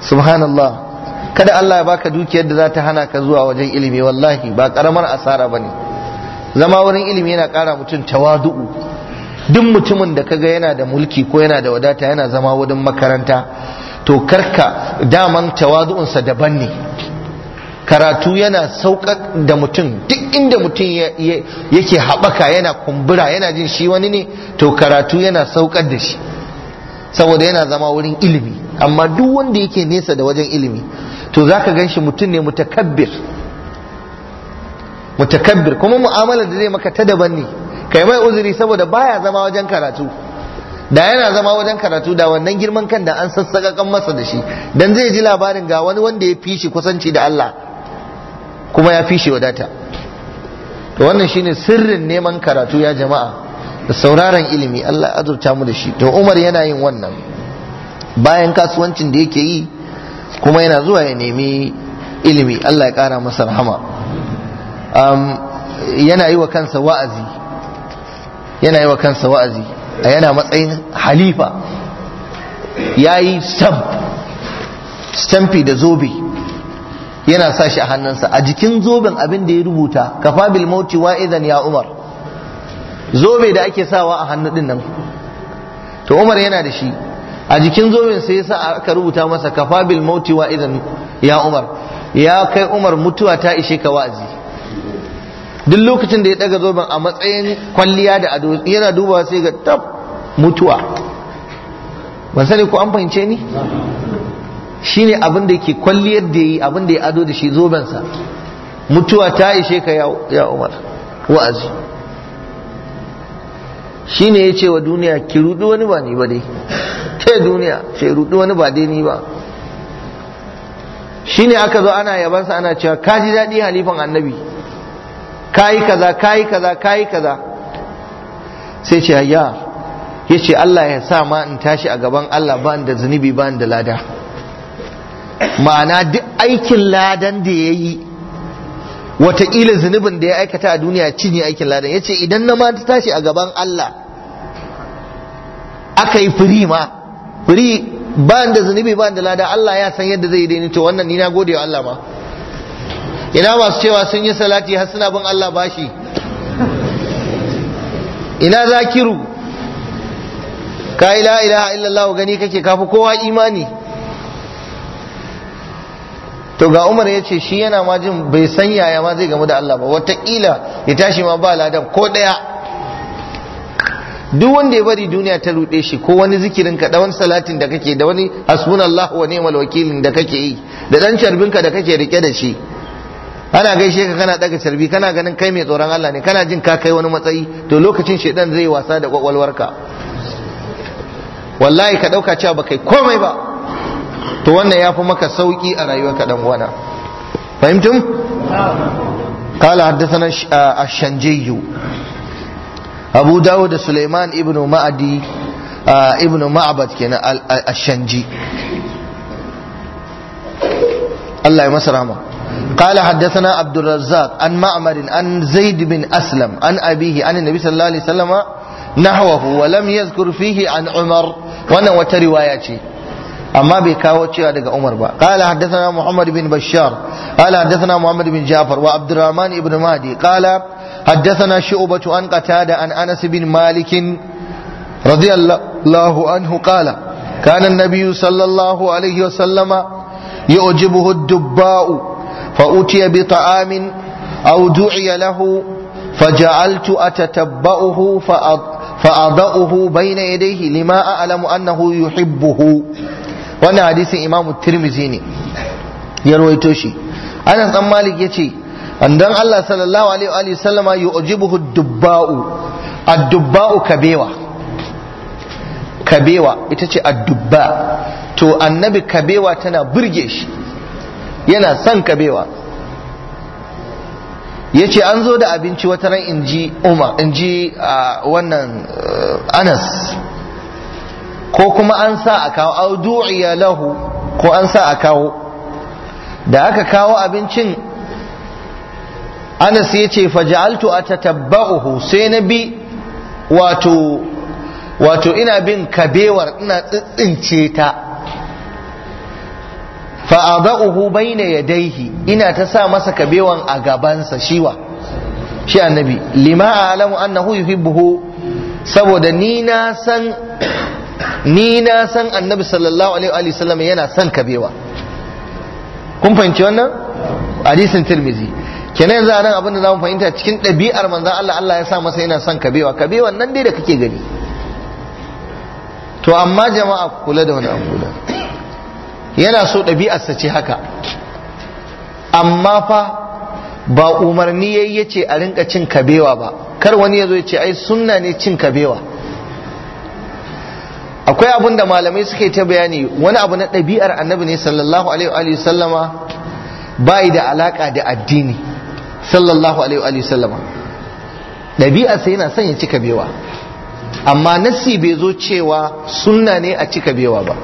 subhanallah kada Allah ya baka dukiyar da za ta hana ka zuwa wajen ilimi wallahi ba karamar asara bane zama wurin ilimi yana kara mutum tawadu'u duk mutumin da kaga yana da mulki ko yana da wadata yana zama wurin makaranta to karka daman tawadu'unsa daban ne karatu yana sauƙaƙ da mutum duk inda mutum yake haɓaka yana kumbura yana jin shi wani ne to karatu yana sauƙar da shi saboda yana zama wurin ilimi amma duk wanda yake nesa da wajen ilimi to gan shi mutum ne mutakabbir mutakabbir kuma mu'amala da zai maka ta daban ne kai mai uzuri saboda baya zama wajen karatu da yana zama wajen karatu da wannan girman kan da an sassaka kan masa da shi dan zai ji labarin ga wani wanda ya fi shi kusanci da Allah kuma ya fi wadata to wannan shine sirrin neman karatu ya jama'a da sauraron ilimi Allah azurta mu da shi to Umar yana yin wannan bayan kasuwancin da yake yi kuma yana zuwa ya nemi ilimi Allah ya ƙara masa rahama yana yi wa kansa wa'azi yana yi wa kansa wa'azi a yana matsayin halifa ya yi stamp stampi da zobe yana sa shi a hannunsa a jikin zoben abin da ya rubuta kafa bil mauti wa idan ya umar zobe da ake sawa a hannu din nan to umar yana da shi a jikin zoben sai yasa aka rubuta masa kafa bil mauti wa idan ya umar ya kai umar mutuwa ta ishe ka wa'azi duk lokacin da ya daga zoben a matsayin kwalliya da ado yana dubawa sai ga tab mutuwa ban sani ko an fahimce ni shine abin da yake kwalliyar da yi abin da ya ado da shi zoben sa mutuwa ta ishe ka ya umar wa'azi shi ne ya ce wa duniya ki rudu wani ba ni ba dai ke duniya ce rudu wani ba dai ni ba shi ne aka zo ana yabansa ana cewa ka ji daɗi halifan annabi ka yi kaza ka yi kaza ka yi kaza sai ce ya ya ce Allah ya sa ma in tashi a gaban Allah ba da zunubi ba da lada ma'ana duk aikin ladan da ya yi wataƙila zunubin da ya aikata a duniya cinye aikin ladan ya ce idan na mata tashi a gaban Allah aka yi firi ma firi ba da zunubi ba da lada Allah ya san yadda zai daini to wannan ni na gode wa Allah ma ina masu cewa sun yi salati har suna bin Allah bashi ina zakiru ka ila ilaha illallah gani kake kafi kowa imani to ga Umar ya ce shi yana ma jin bai san yaya ma zai gamu da Allah ba wataƙila ya tashi ma ba ladan ko daya. duk wanda ya bari duniya ta ruɗe shi ko wani zikirin ka da wani salatin da kake da wani hasbunallahu wa ni'mal wakilin da kake yi da dan carbinka da kake rike da shi ana gaishe ka kana daga carbi kana ganin kai mai tsoron Allah ne kana jin ka kai wani matsayi to lokacin shedan zai wasa da kwakwalwarka wallahi ka dauka cewa ba kai komai ba to wannan ya fi maka sauki a rayuwarka ɗan wana fahimtum? kala haddasa a shanjiyu abu dawo da suleiman ibn ma'adi ibn ma'abat ke na a shanji Allah ya masa rama قال حدثنا عبد الرزاق عن معمر عن زيد بن أسلم عن أبيه عن النبي صلى الله عليه وسلم نحوه ولم يذكر فيه عن عمر وانا amma bai kawo cewa daga Umar ba qala haddathana Muhammad bin Bashar qala haddathana Muhammad bin Ja'far wa Abdurrahman ibn Mahdi qala haddathana Shu'bah an Qatada an Anas bin Malik radiyallahu anhu qala kana an-nabiy sallallahu alayhi wa sallama yu'jibuhu ad-dubba'u فأتي بطعام أو دعي له فجعلت أتتبأه فأضأه بين يديه لما أعلم أنه يحبه wannan hadisin imamu tirmizi ne ya rawaito shi anas dan malik yace andan Allah sallallahu alaihi wa sallama yu'jibuhu dubba'u ad-dubba'u kabewa kabewa ita ce ad-dubba to annabi kabewa tana burge shi yana son kabewa Ya ce an zo da abinci wata ran inji Umar inji ah, wannan eh, Anas ko kuma an sa a kawo au du'iya lahu ko an sa a kawo da aka kawo abincin Anas ya ce faja'altu atatabba'uhu sai na bi wato ina bin kabewar ina tsintsince ta fa'ada'uhu ya daihi ina ta sa masa kabewan a gabansa shiwa shi annabi lima a'lamu annahu yuhibbuhu saboda ni na san ni na san annabi sallallahu alaihi wa sallam yana son kabewa kun fahimci wannan hadisin tirmizi kenan yanzu a nan abin da zamu fahimta cikin ɗabi'ar manzon Allah Allah ya sa masa yana son kabewa kabewan nan dai da kake gani to amma jama'a kula da wani abu da yana so ɗabi'arsa ce haka amma fa ba umarni yayi yace a rinka cin kabewa ba kar wani yazo ya ce ai sunna ne cin kabewa akwai abin da malamai suka ta bayani wani abu na ɗabi'ar annabi ne sallallahu alaihi wa sallama bai da alaka da addini sallallahu alaihi wa sallama ɗabi'ar sai yana son ya cika bewa amma nasi bai zo cewa sunna ne a cika bewa ba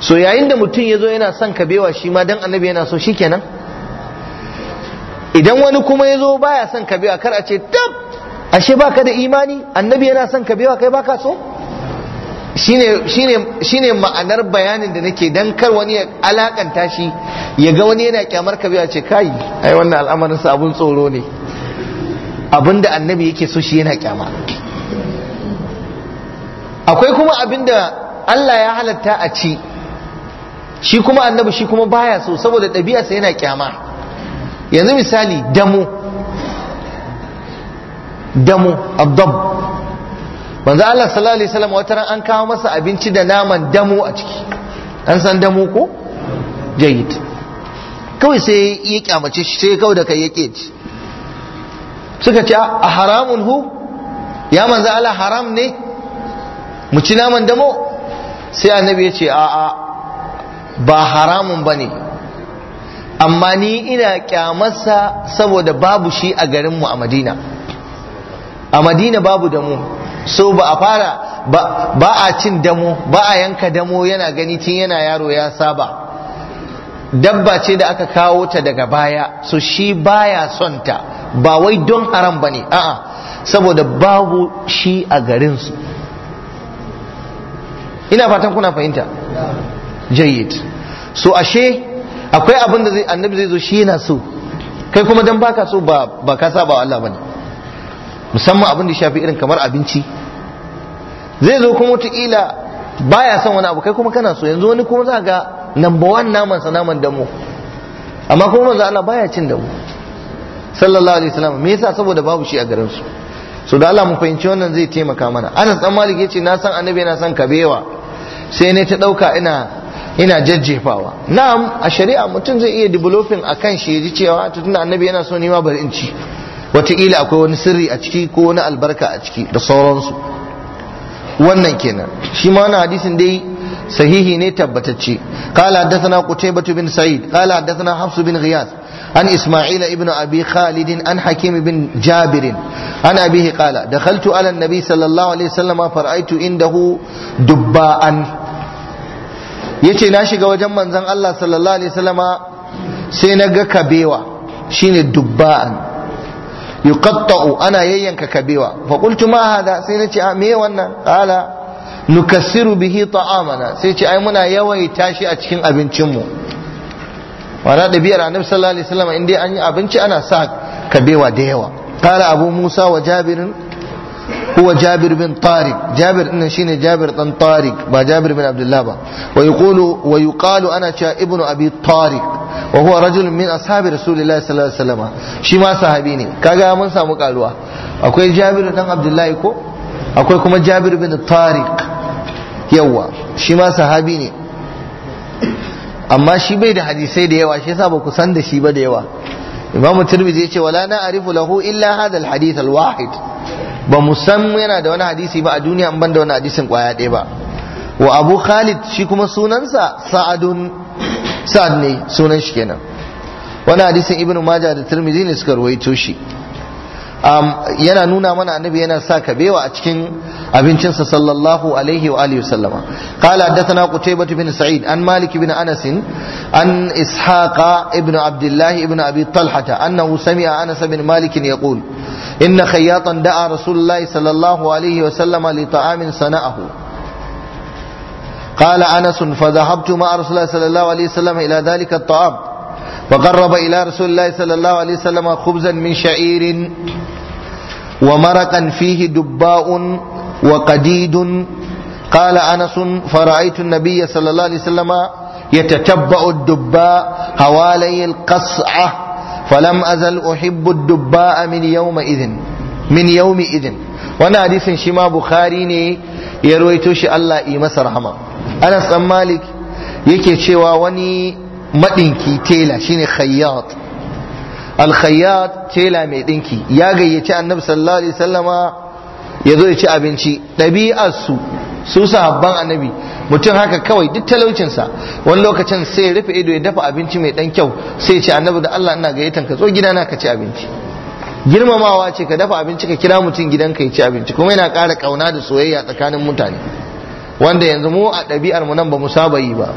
so yayin da mutum ya zo yana son kabewa shi ma dan annabi yana so shi shikenan idan wani kuma ya zo baya son kabewa kar a ce tab ashe baka da imani annabi yana son kabewa kai baka so shine ma'anar bayanin da nake dan kar wani ya alakanta shi ya ga wani yana kyamar ka biya ce kai ai wannan al'amarin sa tsoro ne abinda annabi yake so shi yana kyama akwai kuma abinda Allah ya halatta a ci shi kuma annabi shi kuma baya so saboda ɗabi'arsa yana kyama yanzu misali damu damu abdab manzo Allah sallallahu alaihi wasallam wata ran an kawo masa abinci da naman damo a ciki an san damo ko jayyid kawai sai ya kyamace shi sai kawai da kai yake ci suka ce a haramun hu ya manzo Allah haram ne mu ci naman damo sai annabi ya ce a'a ba haramun bane amma ni ina kyamarsa saboda babu shi a garinmu a madina a madina babu damo so ba a fara ba a cin damo ba a yanka damo yana gani tun yana yaro ya saba dabba ce da aka kawo ta daga baya so shi baya son ta ba wai don haram bane a'a saboda babu shi a garin su ina fatan kuna fahimta jayyid so ashe akwai abin da annabi zai zo shi yana so kai kuma dan baka so ba ba ka saba Allah bane musamman abin da shafi irin kamar abinci zai zo kuma wataƙila baya son wani abu kai kuma kana so yanzu wani kuma za ga number one naman sa naman damu amma kuma manzo Allah baya cin damu sallallahu alaihi wasallam me yasa saboda babu shi a garin su so da Allah mu fahimci wannan zai taimaka mana Anas dan Malik yace na san annabi yana san kabewa sai ne ta dauka ina ina jajjefawa na'am a shari'a mutum zai iya developing akan shi ya ji cewa ah, tunda annabi yana so ni ma bari in ci wataƙila akwai wani sirri a ciki ko wani albarka a ciki da sauransu wannan kenan shi ma wani hadisin dai sahihi ne tabbatacce qala haddathana qutaybah bin sa'id kala haddathana hafs bin ghiyas an isma'il ibn abi khalid an hakim bin Jabirin, an abihi qala dakhaltu ala an-nabi sallallahu alaihi wasallam fara'aytu indahu dubba'an yace na shiga wajen manzon Allah sallallahu alaihi wasallama sai na ga kabewa shine dubba'an yuqatta'u ana yayyanka kabewa fa qultu ma hada sai nace a me wannan qala nukassiru bihi ta'amana sai ce ai muna yawaita shi a cikin abincinmu wana ɗabi'ar annabi sallallahu alaihi wasallam in dai an yi abinci ana sa kabewa da yawa qala abu musa wa jabirin huwa jabir bin tariq jabir din shine jabir dan tariq ba jabir bin abdullah ba wa ana cewa ibnu abi tariq wa huwa rajul min ashabi rasulillahi sallallahu alaihi wasallam shi ma sahabi ne kaga mun samu karuwa akwai Jabir dan Abdullahi ko akwai kuma Jabir bin Tariq yawa shi ma sahabi ne amma shi bai da hadisai da yawa shi yasa ba ku san da shi ba da yawa imamu Tirmidhi ya ce wala na arifu lahu illa hadha al-hadith al-wahid ba mu san yana da wani hadisi ba a duniya an banda wani hadisin kwaya ɗaya ba wa Abu Khalid shi kuma sunansa Sa'adun sa'ad ne sunan shi kenan wani hadisin ibnu majah da tirmidhi ne suka ruwaito shi yana nuna mana annabi yana sa kabewa a cikin abincinsa sallallahu alaihi wa alihi wasallama qala haddathana qutaybah bin sa'id an malik bin anas an ishaqa ibn abdullah ibn abi talhata annahu sami'a anas bin malik yaqul inna khayyatan da'a rasulullah sallallahu alaihi wa sallama li ta'amin sana'ahu قال أنس فذهبت مع رسول الله صلى الله عليه وسلم إلى ذلك الطعام فقرب إلى رسول الله صلى الله عليه وسلم خبزا من شعير ومرقا فيه دباء وقديد قال أنس فرأيت النبي صلى الله عليه وسلم يتتبع الدباء حوالي القصعة فلم أزل أحب الدباء من يومئذ من يومئذ Wani hadisin shi ma bukhari ne ya ruwaito shi Allah yi masa rahama anas dan malik yake cewa wani madinki tela shine khayyat al khayyat tela mai dinki ya gayyaci annabi sallallahu alaihi wasallama ya zo ya ci abinci ɗabi'ar su su sahabban annabi mutum haka kawai duk talaucinsa wani lokacin sai rufe ido ya dafa abinci mai dan kyau sai ya ce annabi da Allah ina gayyatan ka zo gidana ka ci abinci girmamawa ce ka dafa abinci ka kira mutum gidanka ya ci abinci kuma yana ƙara ƙauna da soyayya tsakanin mutane wanda yanzu mu a ɗabi'ar mu nan ba mu saba ba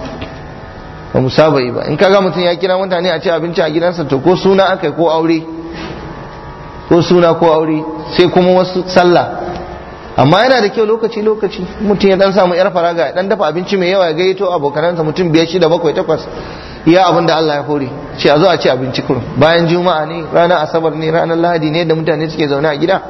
ba mu saba ba in kaga mutum ya kira mutane a ci abinci a gidansa to ko suna aka ko aure ko suna ko aure sai kuma wasu sallah amma yana da kyau lokaci lokaci mutum ya dan samu yar faraga ya dan dafa abinci mai yawa ya gaito abokanansa mutum biyar shida bakwai takwas iya abin Allah ya hore ce a zo a ci abinci kurum bayan juma'a ne ranar asabar ne ranar lahadi ne da mutane suke zaune a gida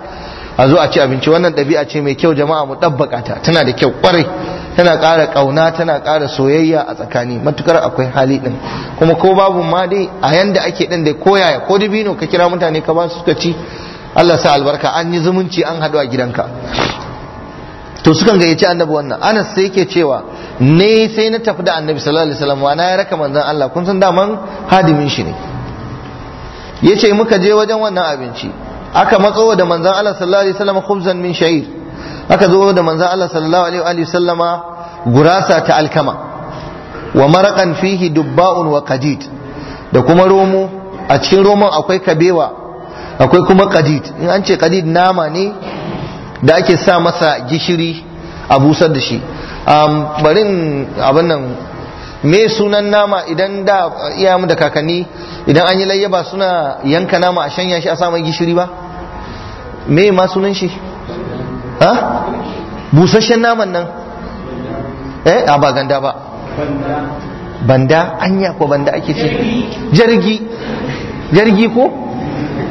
a zo a ci abinci wannan ɗabi'a ce mai kyau jama'a mu ɗabbaka ta tana da kyau kwarai tana ƙara ƙauna tana ƙara soyayya a tsakani matukar akwai hali ɗin kuma ko babu ma dai a yanda ake ɗin da koyaya ko dibino ka kira mutane ka ba su suka ci Allah sa albarka an yi zumunci an haɗu a gidanka to sukan gayyaci annabi wannan anas sai yake cewa ne sai na tafi da annabi sallallahu alaihi wasallam wa na ya raka manzon Allah kun san daman hadimin shi ne yace muka je wajen wannan abinci aka matso da manzon Allah sallallahu alaihi wasallam khubzan min sha'ir aka zo da manzon Allah sallallahu alaihi wa Sallama gurasa ta alkama wa maraqan fihi dubba'un wa qadid da kuma romo a cikin romon akwai kabewa akwai kuma kadid in an ce kadid nama ne da ake sa masa gishiri a busar da shi barin abin nan me sunan nama idan da iyamu da kakanni idan an yi layyaba suna yanka nama a shanya shi a samun gishiri ba me ma sunan shi ha busasshen naman nan eh a ba ganda ba banda anya ko banda ake ce jirgi jirgi ko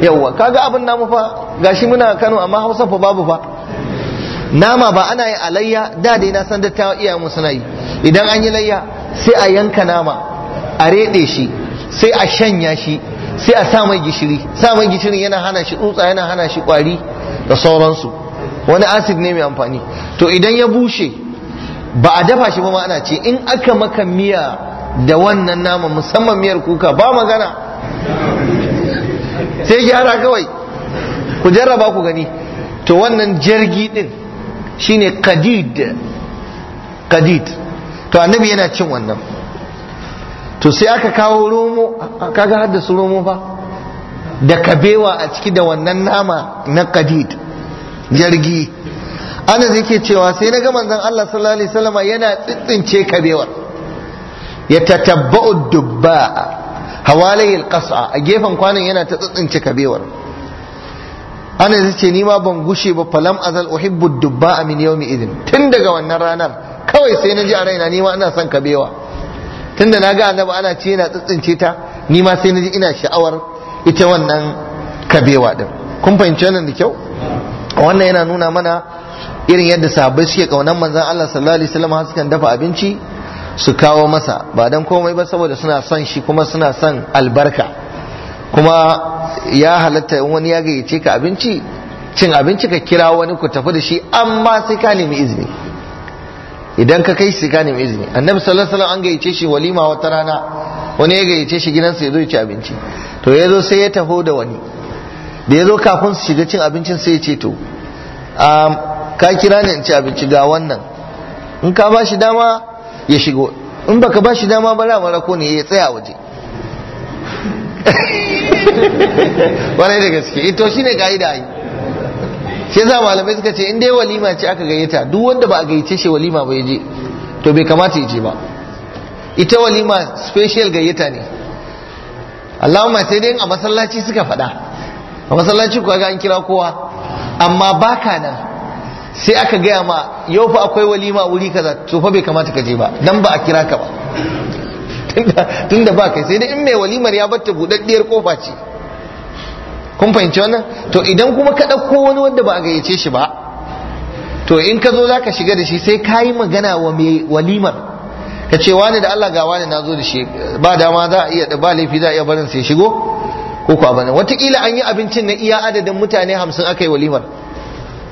yawwa kaga abin namu fa gashi muna Kano amma Hausa fa babu fa nama ba ana yin alayya da dai na san dattawa iya mu suna yi idan an yi layya sai a yanka nama a rede shi sai a shanya shi sai a sa mai gishiri sa mai gishirin yana hana shi tsutsa yana hana shi kwari da sauransu wani acid ne mai amfani to idan ya bushe ba a dafa shi ba ma ana ce in aka maka miya da wannan nama musamman miyar kuka ba magana sai gyara kawai ku jarraba ku gani to wannan jirgi din shine qadid qadid to annabi yana cin wannan to sai aka kawo romo kaga haddasa romo fa da kabewa a ciki da wannan nama na qadid jirgi zai yake cewa sai na ga manzon Allah sallallahu alaihi wasallam yana tsintsince kabewa. ya tatabba'u dubba hawalayil qas'a a gefen kwanan yana ta tsantsance kabewar ana zai ce ni ban gushe ba falam azal uhibbu dubba min yawmi idin tun daga wannan ranar kawai sai na ji a raina ni ina son kabewa tun da na ga annabi ana ce yana tsantsance ta ni ma sai na ji ina sha'awar ita wannan kabewa din kun fahimci wannan da kyau wannan yana nuna mana irin yadda sahabbai suke kaunan manzon Allah sallallahu alaihi wasallam har dafa abinci su kawo masa ba don komai ba saboda suna son shi kuma suna son albarka kuma ya halatta in wani ya gayyace ka abinci cin abinci ka kira wani ku tafi da shi amma sai ka nemi izini idan ka kai sai ka nemi izini annabi sallallahu alaihi wasallam an gayyace shi walima wata rana wani ya gayyace shi gidansa ya zo ya ci abinci to ya zo sai ya taho da wani da ya zo kafin su shiga cin abincin sai ya ce to ka kira ni in ci abinci ga wannan in ka ba shi dama ya shigo in baka ba shi dama ba lamara ko ne ya tsaya waje wani da gaske ito eh, shi ne ka'ida yi Sai za malamai suka ce in dai walima ce aka gayyata duk wanda ba a gayyace shi walima ba ya je to bai kamata ya je ba ita walima special gayyata ne Allahumma sai dai a masallaci suka faɗa a masallaci kuwa ga an kira kowa amma baka nan sai aka gaya ma yau fa akwai walima wuri kaza to fa bai kamata ka je ba dan ba a kira ka ba tunda ba kai sai dai in mai walimar ya batta budaddiyar kofa ce kun fahimci wannan to idan kuma ka ɗauko wani wanda ba a gayyace shi ba to in ka zo za ka shiga da shi sai ka yi magana wa mai walimar ka ce wani da Allah ga wani na zo da shi ba dama za a iya ba laifi za a iya barin sai shigo ko ku abana watakila an yi abincin na iya adadin mutane hamsin aka walimar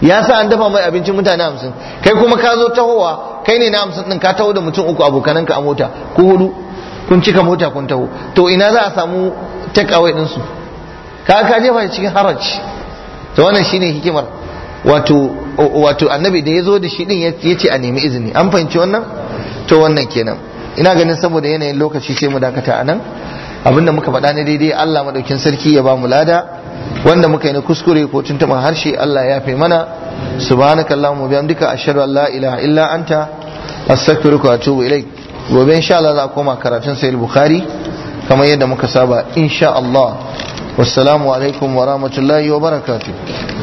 ya sa an dafa mai abincin mutane hamsin kai kuma ka zo tahowa kai ne na hamsin din ka taho da mutum uku abokananka a mota ko hudu kun cika mota kun taho to ina za a samu takawai din su ka ka jefa cikin haraji to wannan shine hikimar wato wato annabi da ya zo da shi din ya ce a nemi izini an fahimci wannan to wannan kenan ina ganin saboda yanayin lokaci sai mu dakata anan abinda muka faɗa ne daidai Allah maɗaukin sarki ya ba mu lada wanda muka yi na kuskure ko tuntuban harshe Allah ya fi mana subhanakallahumma bihamdika ashhadu an la ilaha illa anta astaghfiruka atubu ilai, gobe insha Allah za koma karatun sahih bukhari kamar yadda muka saba insha Allah wassalamu alaikum wa rahmatullahi wa barakatuh